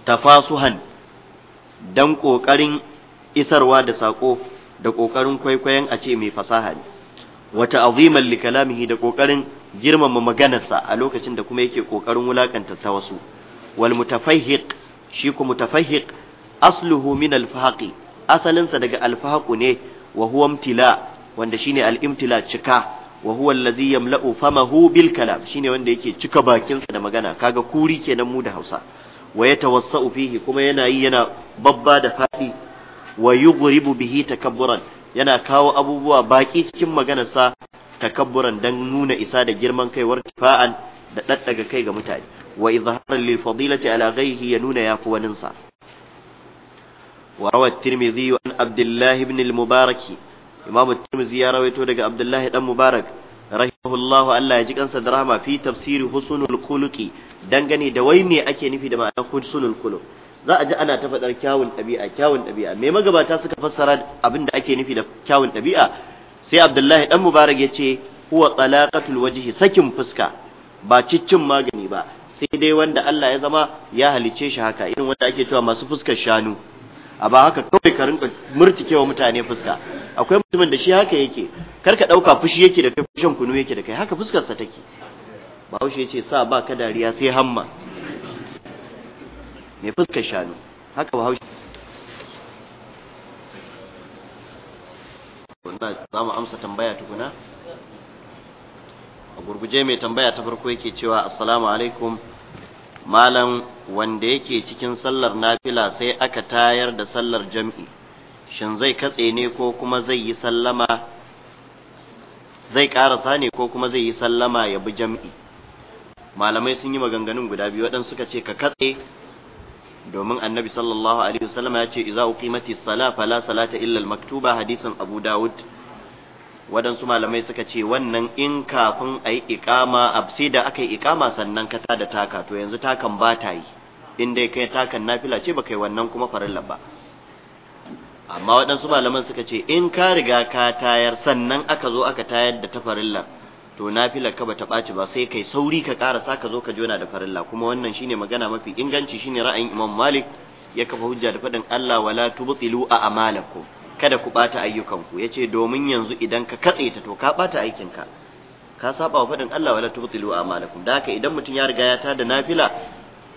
Speaker 1: tafasuhan dan ƙoƙarin isarwa da saƙo, da ƙoƙarin kwaikwayon a ce mai fasaha ne wata aziman li da ƙoƙarin girmama maganarsa a lokacin da kuma yake ƙoƙarin wulakanta ta wasu wal mutafahhiq shi ku mutafahhiq asluhu min al asalinsa daga al ne wa huwa imtila wanda shine al-imtila cika wa huwa allazi yamla'u famahu bil kalam shine wanda yake cika bakinsa da magana kaga kuri kenan mu da Hausa wa yatawassa'u fihi kuma yana yi yana babba da fadi wa yughribu bihi takabburan yana kawo abubuwa baki cikin maganarsa takabburan dan nuna isa da girman kai wartifa'an da daddaga kai ga mutane wa izharan lil fadilati ala ghayhi ya nuna yafi waninsa وروى الترمذي an Abdullahi الله Mubaraki. imamu tirmidhi ya rawaito daga abdullahi dan mubarak rahimahullahu Allah ya ji kansa da rahama fi tafsiri husnul khuluqi dangane da wai me ake nufi da ma'anar husnul khuluq za a ji ana ta fadar kyawun ɗabi'a kyawun dabi'a me magabata suka fassara abin da ake nufi da kyawun ɗabi'a sai abdullahi dan mubarak ya ce huwa talaqatul wajhi sakin fuska ba ciccin magani ba sai dai wanda Allah ya zama ya halice shi haka irin wanda ake cewa masu fuskar shanu a ba haka kawai ka rinka murtikewa mutane fuska akwai mutumin da shi haka yake kar ka dauka fushi yake da kai fushin kunu yake da kai haka fuskar sa take bahaushe yace sa ba ka dariya sai hamma mai fuskar shanu haka bahaushe wannan za mu amsa tambaya tukuna a gurguje mai tambaya ta farko yake cewa assalamu alaikum malam wanda yake cikin sallar nafila sai aka tayar da sallar jam'i shin zai katse ne ko kuma zai yi sallama zai karasa ne ko kuma zai yi sallama ya bi jam'i malamai sun yi maganganun guda biyu waɗansu suka ce ka katse domin annabi sallallahu alaihi wasallam ya ce iza uqimati sala fala salata illa maktuba hadisin abu dawud waɗansu malamai suka ce wannan in kafin a yi ikama a sai da aka yi ikama sannan ka tada taka to yanzu takan ba ta yi in dai kai takan nafila ce ba kai wannan kuma farilla ba amma waɗansu malaman suka ce in ka riga ka tayar sannan aka zo aka tayar da ta farilla to nafilar ka ta ɓaci ba sai kai sauri ka ƙarasa ka zo ka jona da farilla kuma wannan shine magana mafi inganci shine ra'ayin Imam Malik ya kafa hujja da faɗin Allah wala tubtilu a amalakum kada ku ɓata ayyukanku ya ce domin yanzu idan ka katse ta to ka ɓata aikinka ka saba wa faɗin Allah wala tubtilu amalakum da haka idan mutum ya riga ya tada nafila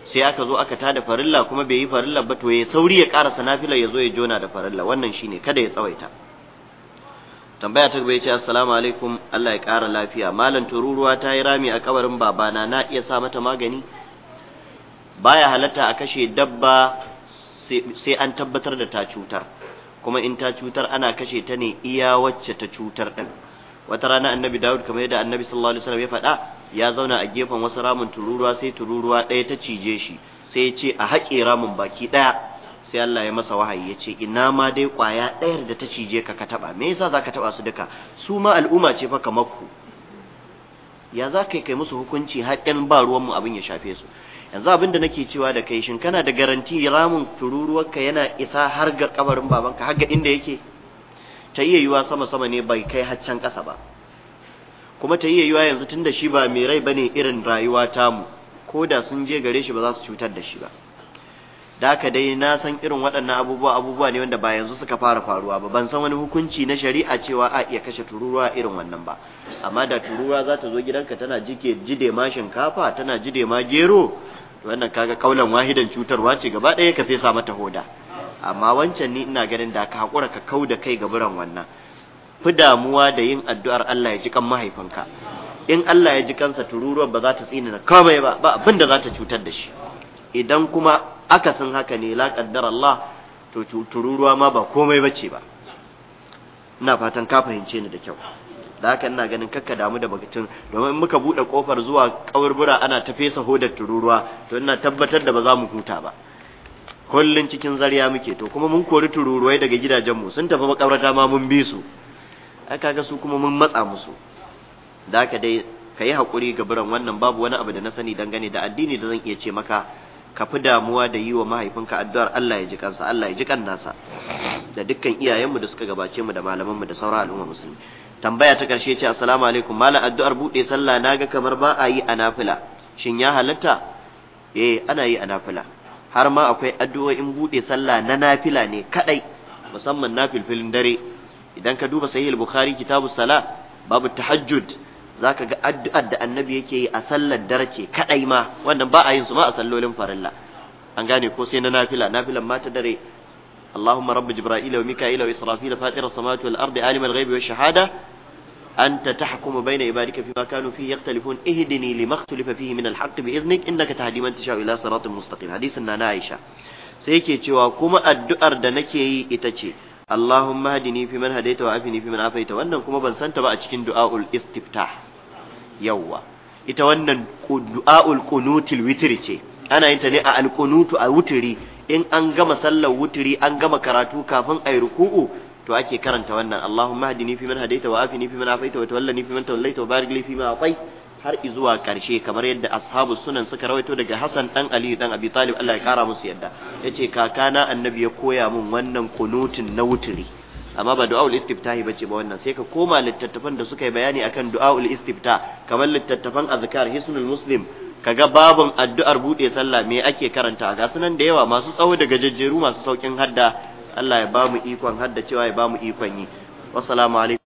Speaker 1: sai aka zo aka tada farilla kuma bai yi farilla ba to ya sauri ya karasa nafila ya zo ya jona da farilla wannan shine kada ya tsawaita tambaya ta gaba ya ce assalamu alaikum Allah ya kara lafiya malam tururuwa ta yi rami a kabarin babana na iya sa mata magani baya halatta a kashe dabba sai an tabbatar da ta cutar kuma in ta cutar ana kashe ta ne iya wacce ta cutar ɗin. wata rana annabi Dawud kamar yadda annabi sallallahu alaihi wasallam ya faɗa ya zauna a gefen wasu ramin tururuwa sai tururuwa ɗaya ta cije shi sai ya ce a haƙe ramin baki ɗaya sai Allah ya masa wahayi ya ce ina ma dai ƙwaya ɗayar da ta cije ka ka taɓa me yasa za ka taɓa su duka su ma al'umma ce fa kamar ku ya za ka kai musu hukunci har ɗan ba ruwanmu abin ya shafe su yanzu abin da nake cewa da kai shin kana da garanti ramin tururuwarka yana isa har ga kabarin babanka har ga inda yake ta iya yiwa sama sama ne bai kai haccan ƙasa ba kuma ta iya yiwa yanzu tunda shi ba mai rai bane irin rayuwa tamu ko da sun je gare shi ba za su cutar da shi ba da haka dai na san irin waɗannan abubuwa abubuwa ne wanda ba yanzu suka fara faruwa ba ban san wani hukunci na shari'a cewa a iya kashe tururuwa irin wannan ba amma da tururuwa za ta zo gidanka tana jike jide ma shinkafa tana jide ma gero wannan kaga kaulan wahidan cutarwa ce gaba ɗaya ka fesa mata hoda amma wancan ni ina ganin da ka haƙura ka kau da kai gaburan wannan fi damuwa da yin addu'ar Allah ya ji kan mahaifinka in Allah ya ji kansa tururuwar ba za ta tsina kamai ba ba abin da za ta cutar da shi idan kuma aka san haka ne la kaddar Allah to tururuwa ma ba komai bace ba ina fatan ka fahimce ni da kyau da haka ina ganin kakka damu da bakacin domin muka buɗe kofar zuwa kaburbura ana ta fesa hodar tururuwa to ina tabbatar da ba za mu huta ba kullun cikin zariya muke to kuma mun kori tururuwai daga gidajenmu sun tafi makabarta ma mun bi su ai kaga su kuma mun matsa musu da haka dai ka yi haƙuri ga biran wannan babu wani abu da na sani dangane da addini da zan iya ce maka ka fi damuwa da yi wa mahaifinka addu'ar Allah ya ji kansa Allah ya ji kan nasa da dukkan iyayenmu da suka gabace mu da malamanmu da sauran al'umma musulmi tambaya ta karshe ce assalamu alaikum malam addu'ar buɗe sallah naga kamar ba a yi a nafila shin ya halatta eh ana yi a nafila har ma akwai addu'o'in buɗe sallah na nafila ne kadai musamman nafilfilin dare idan ka duba sahih al-bukhari Kitabu sala babu tahajjud zaka ga addu'ar da annabi yake yi a sallar dare ce kadai ma wannan ba a yin su ma a sallolin farilla an gane ko sai na nafila nafilan ma ta dare اللهم رب جبرائيل وميكائيل وإسرافيل فاطر السماوات والأرض عالم الغيب والشهادة أنت تحكم بين عبادك فيما كانوا فيه يختلفون اهدني لما اختلف فيه من الحق بإذنك إنك تهدي من تشاء إلى صراط مستقيم حديث النانا عائشة سيكي تشوى كما الدؤر دنكي إتشي اللهم هدني في من هديت وعافني في من عافيت وأنا كما بنسان تبقى تشكين دعاء الاستفتاح يوا ita wannan du'a'ul qunutil witri ce ana yin ta ne a alqunutu a wutiri in an gama sallar wutiri an gama karatu kafin ayi ruku'u to ake karanta wannan Allahumma hadini fi man hadaita wa afini fi man afaita wa tawallani fi man tawallaita wa barik li fi ma atai har zuwa karshe kamar yadda ashabu sunan suka rawaito daga Hassan dan Ali dan Abi Talib Allah ya kara musu yadda yace kakana annabi ya koya mun wannan kunutin na wuturi amma ba du'aul istiftahi bace ba wannan sai ka koma littattafan da suka yi bayani akan du'aul istifta kamar littattafan azkar hisnul muslim kaga babun addu'ar bude sallah me ake karanta ga sunan da yawa masu tsawo da jajjeru masu saukin hadda Allah ya ba mu ikon haddacewa ya ba mu ikon yi wassalamu alaikum